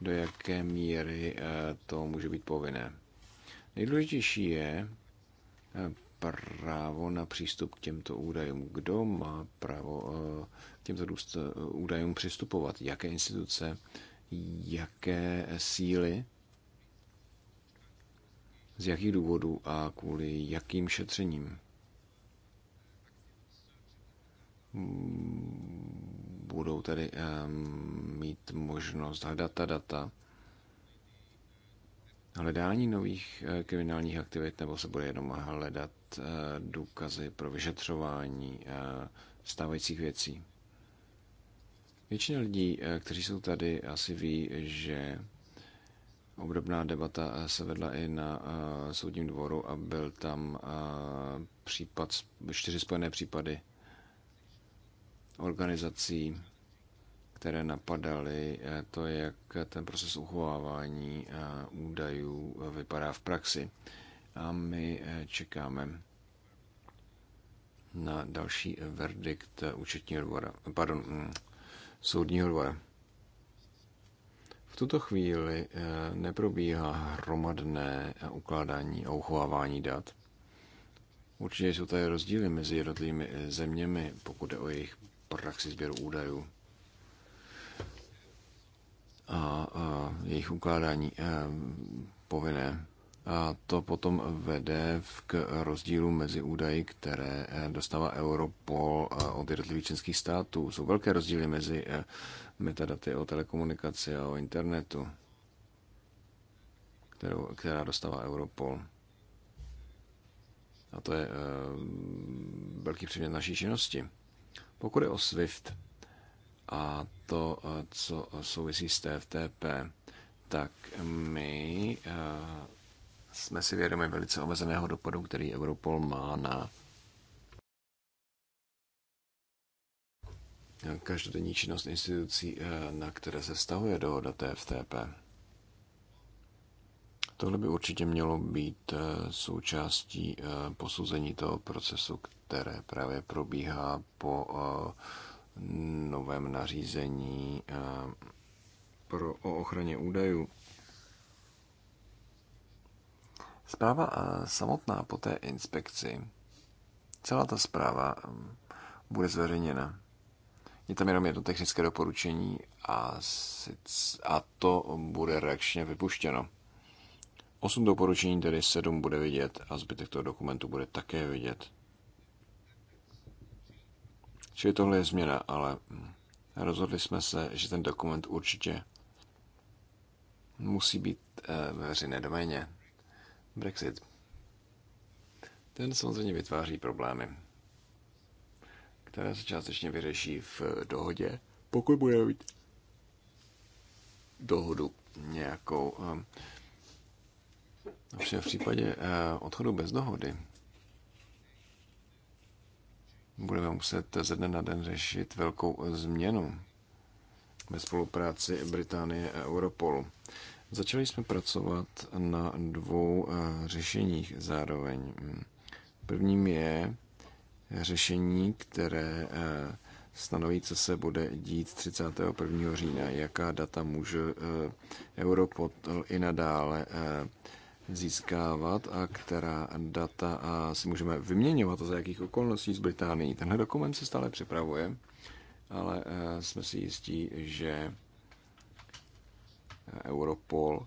do jaké míry to může být povinné. Nejdůležitější je eh, právo na přístup k těmto údajům. Kdo má právo k eh, těmto eh, údajům přistupovat? Jaké instituce? Jaké síly? Z jakých důvodů a kvůli jakým šetřením? Budou tedy mít možnost hledat ta data hledání nových eh, kriminálních aktivit, nebo se bude jenom hledat eh, důkazy pro vyšetřování eh, stávajících věcí? Většina lidí, kteří jsou tady, asi ví, že obdobná debata se vedla i na soudním dvoru a byl tam případ, čtyři spojené případy organizací které napadaly eh, to, jak ten proces uchovávání eh, údajů eh, vypadá v praxi. A my čekáme na další verdikt účetního dvora, pardon, mm, soudního dvora. V tuto chvíli neprobíhá hromadné ukládání a uchovávání dat. Určitě jsou tady rozdíly mezi jednotlivými zeměmi, pokud je o jejich praxi sběru údajů a, a jejich ukládání eh, povinné. A to potom vede k rozdílu mezi údaji, které eh, dostává Europol eh, od jednotlivých členských států. Jsou velké rozdíly mezi metadaty o telekomunikaci a o internetu, kterou, která dostává Europol. A to je velký předmět naší činnosti. Pokud je o SWIFT, a to, eh, co souvisí s TFTP, tak my eh, jsme si vědomi velice omezeného dopadu, který Europol má na každodenní činnost institucí, eh, na které se stahuje dohoda TFTP. Tohle by určitě mělo být součástí posouzení toho procesu, které právě probíhá po novém nařízení eh, pro, o ochraně údajů. Zpráva eh, samotná po té inspekci, celá ta zpráva eh, bude zveřejněna. Je tam jenom jedno technické doporučení a, a to bude reakčně vypuštěno. Osm doporučení, tedy sedm bude vidět a zbytek toho dokumentu bude také vidět. Čili tohle je změna, ale hm, rozhodli jsme se, že ten dokument určitě musí být eh, ve veřejné doméně. Brexit. Ten samozřejmě vytváří problémy, které se částečně vyřeší v eh, dohodě, pokud bude mít dohodu nějakou. Eh, ovšem v případě odchodu bez dohody budeme muset ze dne na den řešit velkou změnu ve spolupráci Británie a Europolu. Začali jsme pracovat na dvou eh, řešeních zároveň. Prvním je řešení, které eh, stanoví, co se bude dít 31. října, jaká data může eh, Europol i nadále získávat a která data a si můžeme vyměňovat a za jakých okolností z Británii. Tenhle dokument se stále připravuje, ale eh, jsme si jistí, že eh, Europol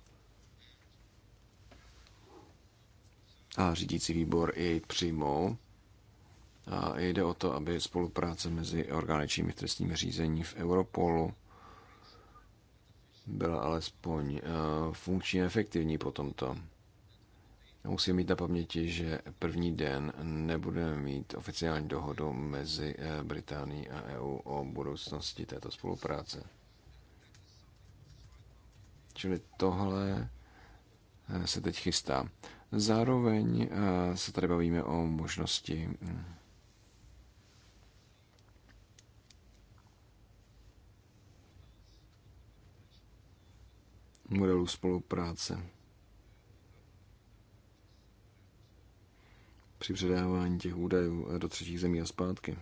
a řídící výbor jej přijmou. A jde o to, aby spolupráce mezi orgánečními trestními řízení v Europolu byla alespoň eh, funkčně efektivní po tomto. Musím mít na paměti, že první den nebudeme mít oficiální dohodu mezi eh, Británií a EU o budoucnosti této spolupráce. Čili tohle eh, se teď chystá. Zároveň eh, se tady bavíme o možnosti hm, modelu spolupráce. při předávání těch údajů do třetích zemí a zpátky.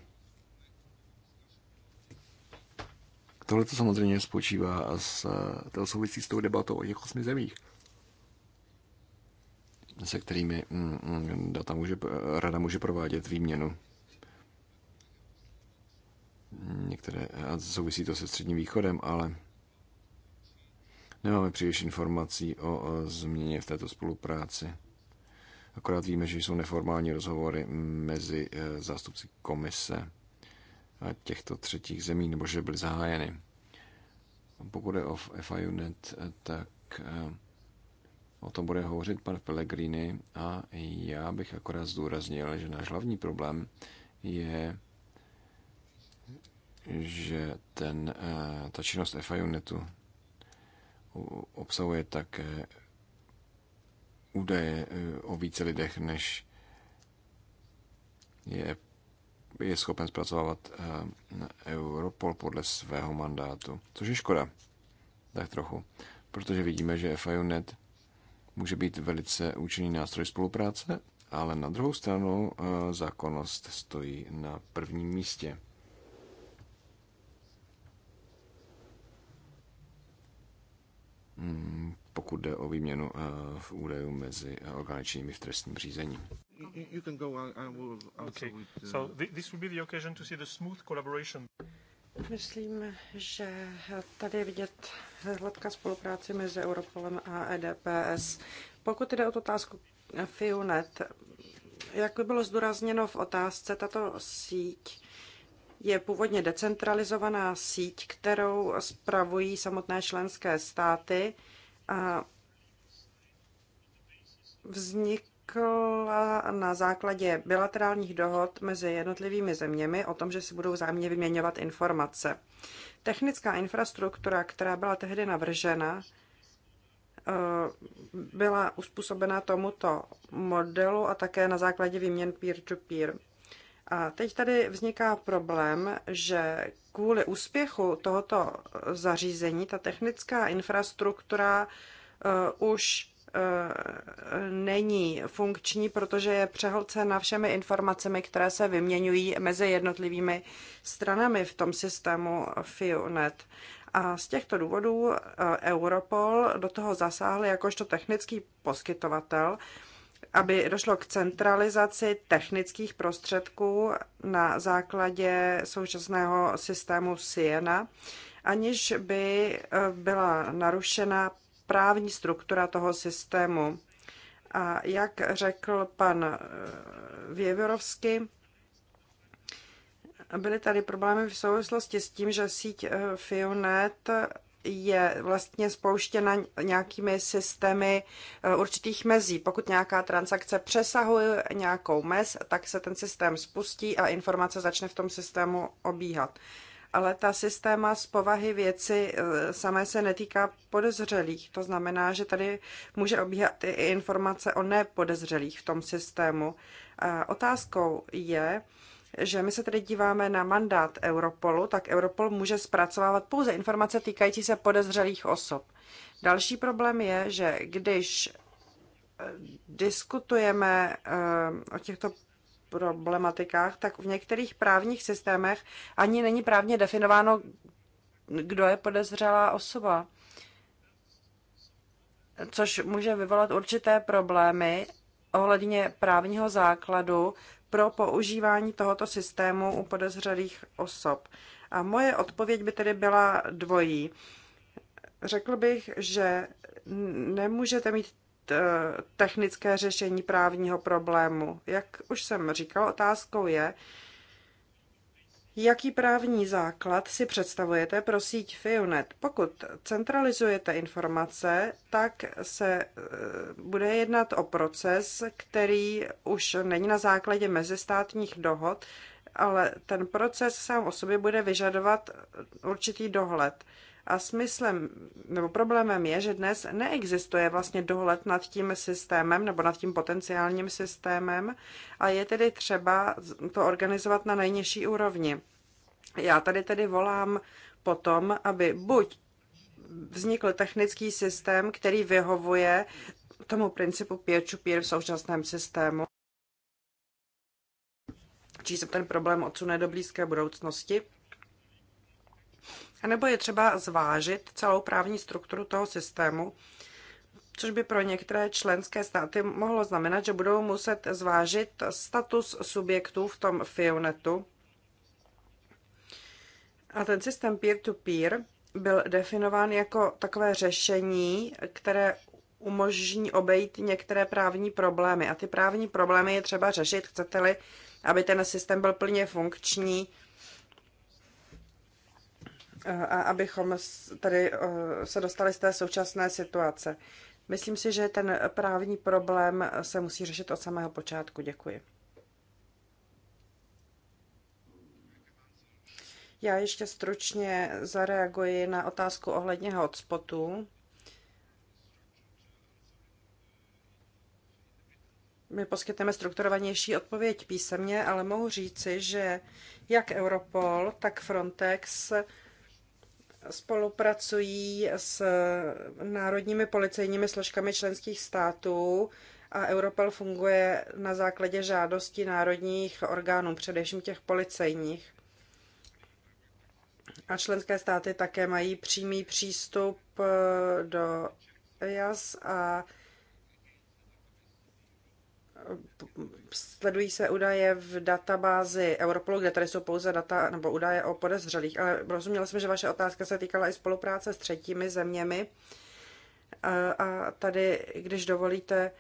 Tohle to samozřejmě spočívá a s, to souvisí s tou debatou o těch osmi zemích, se kterými mm, mm, data může, rada může provádět výměnu. Některé, a souvisí to se Středním východem, ale nemáme příliš informací o, o změně v této spolupráci. Akorát víme, že jsou neformální rozhovory mezi eh, zástupci komise a těchto třetích zemí, nebo že byly zahájeny. Pokud je o FIUNET, eh, tak eh, o tom bude hovořit pan Pellegrini a já bych akorát zdůraznil, že náš hlavní problém je, že ten, ta činnost FIUNETu obsahuje také údaje eh, o více lidech, než je, je schopen zpracovávat eh, Europol podle svého mandátu. Což je škoda, tak trochu, protože vidíme, že FIU.net může být velice účinný nástroj spolupráce, ale na druhou stranu eh, zákonnost stojí na prvním místě. Hmm, pokud jde o výměnu eh, v údajů mezi eh, orgány v trestním řízení.
Myslím, že tady je vidět hladká spolupráce mezi Europolem a EDPS. Pokud jde o tu otázku FIUNET, jak by bylo zdůrazněno v otázce, tato síť je původně decentralizovaná síť, kterou spravují samotné členské státy a vznikla na základě bilaterálních dohod mezi jednotlivými zeměmi o tom, že si budou zájemně vyměňovat informace. Technická infrastruktura, která byla tehdy navržena, eh, byla uspůsobena tomuto modelu a také na základě výměn peer-to-peer. -to -peer. A teď tady vzniká problém, že kvůli úspěchu tohoto zařízení ta technická infrastruktura uh, už eh, není funkční, protože je přehlcena všemi informacemi, které se vyměňují mezi jednotlivými stranami v tom systému FIUNET. A z těchto důvodů eh, Europol do toho zasáhl jakožto technický poskytovatel aby došlo k centralizaci technických prostředků na základě současného systému Siena, aniž by eh, byla narušena právní struktura toho systému. A jak řekl pan eh, Věvorovsky, byly tady problémy v souvislosti s tím, že síť eh, FIONET je vlastně spouštěna nějakými systémy eh, určitých mezí. Pokud nějaká transakce přesahuje nějakou mez, tak se ten systém spustí a informace začne v tom systému obíhat. Ale ta systéma z povahy věci eh, samé se netýká podezřelých. To znamená, že tady může obíhat i informace o nepodezřelých v tom systému. otázkou je, že my se tedy díváme na mandát Europolu, tak Europol může zpracovávat pouze informace týkající se podezřelých osob. Další problém je, že když eh, diskutujeme eh, o těchto problematikách, tak v některých právních systémech ani není právně definováno, kdo je podezřelá osoba, což může vyvolat určité problémy ohledně právního základu pro používání tohoto systému u podezřelých osob. A moje odpověď by tedy byla dvojí. Řekl bych, že nemůžete mít technické řešení právního problému. Jak už jsem říkal, otázkou je, Jaký právní základ si představujete pro síť FIUNET? Pokud centralizujete informace, tak se e, bude jednat o proces, který už není na základě mezistátních dohod, ale ten proces sám o sobě bude vyžadovat určitý dohled. A smyslem nebo problémem je, že dnes neexistuje vlastně dohled nad tím systémem nebo nad tím potenciálním systémem a je tedy třeba to organizovat na nejnižší úrovni. Já tady tedy volám potom, aby buď vznikl technický systém, který vyhovuje tomu principu peer-to-peer v současném systému, či se ten problém odsune do blízké budoucnosti, anebo je třeba zvážit celou právní strukturu toho systému, což by pro některé členské státy mohlo znamenat, že budou muset zvážit status subjektů v tom FIONETu. A ten systém peer-to-peer -peer byl definován jako takové řešení, které umožní obejít některé právní problémy. A ty právní problémy je třeba řešit, chcete-li, aby ten systém byl plně funkční a abychom tady eh, se dostali z té současné situace. Myslím si, že ten právní problém se musí řešit od samého počátku. Děkuji. Já ještě stručně zareaguji na otázku ohledně hotspotů. My poskytneme strukturovanější odpověď písemně, ale mohu říci, že jak Europol, tak Frontex spolupracují s národními policejními složkami členských států a Europol funguje na základě žádosti národních orgánů, především těch policejních. A členské státy také mají přímý přístup eh, do EAS a sledují se údaje v databázi Europolu, kde tady jsou pouze data nebo údaje o podezřelých, ale rozuměla jsem, že vaše otázka se týkala i spolupráce s třetími zeměmi. A tady, když dovolíte,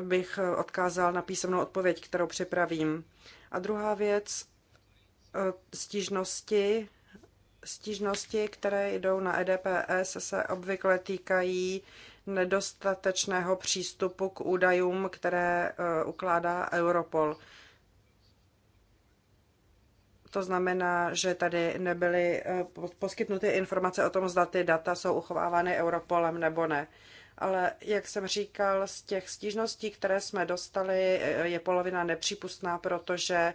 bych odkázal na písemnou odpověď, kterou připravím. A druhá věc, eh, stížnosti. Stížnosti, které jdou na EDPS, se obvykle týkají nedostatečného přístupu k údajům, které eh, ukládá Europol. To znamená, že tady nebyly eh, poskytnuty informace o tom, zda ty data jsou uchovávány Europolem nebo ne. Ale jak jsem říkal, z těch stížností, které jsme dostali, eh, je polovina nepřípustná, protože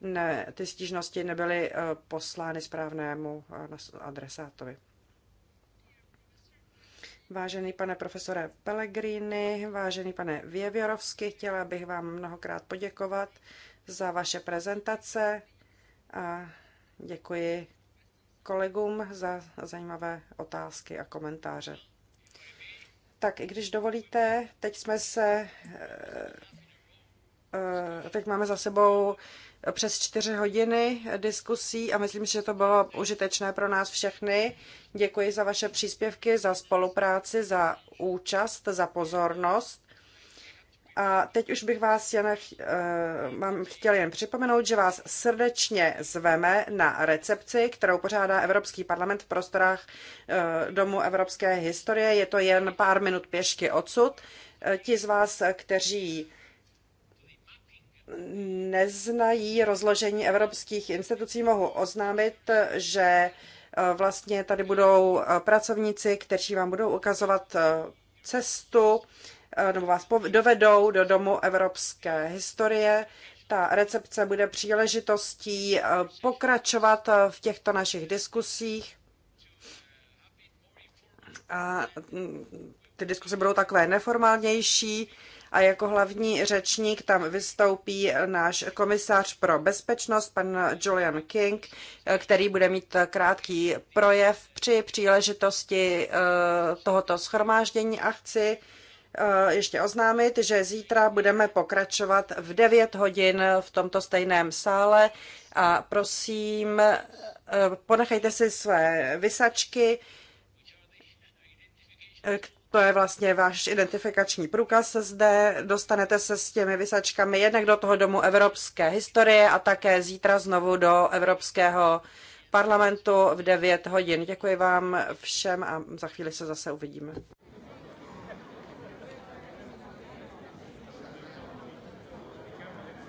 ne, ty stížnosti nebyly poslány správnému adresátovi. Vážený pane profesore Pellegrini, vážený pane Věvěrovsky, chtěla bych vám mnohokrát poděkovat za vaše prezentace a děkuji kolegům za zajímavé otázky a komentáře. Tak i když dovolíte, teď jsme se, eh, eh, teď máme za sebou přes čtyři hodiny diskusí a myslím si, že to bylo užitečné pro nás všechny. Děkuji za vaše příspěvky, za spolupráci, za účast, za pozornost. A teď už bych vás jen, eh, mám chtěl jen připomenout, že vás srdečně zveme na recepci, kterou pořádá Evropský parlament v prostorách eh, Domu evropské historie. Je to jen pár minut pěšky odsud. Eh, ti z vás, kteří neznají rozložení evropských institucí, mohu oznámit, že e, vlastně tady budou e, pracovníci, kteří vám budou ukazovat e, cestu, nebo vás dovedou do domu evropské historie. Ta recepce bude příležitostí pokračovat v těchto našich diskusích. A ty diskuse budou takové neformálnější a jako hlavní řečník tam vystoupí náš komisař pro bezpečnost, pan Julian King, který bude mít krátký projev při příležitosti eh, tohoto schromáždění a chci eh, ještě oznámit, že zítra budeme pokračovat v 9 hodin v tomto stejném sále a prosím, eh, ponechejte si své vysačky, to je vlastně váš identifikační průkaz zde. Dostanete se s těmi vysačkami jednak do toho domu evropské historie a také zítra znovu do Evropského parlamentu v 9 hodin. Děkuji vám všem a za chvíli se zase uvidíme.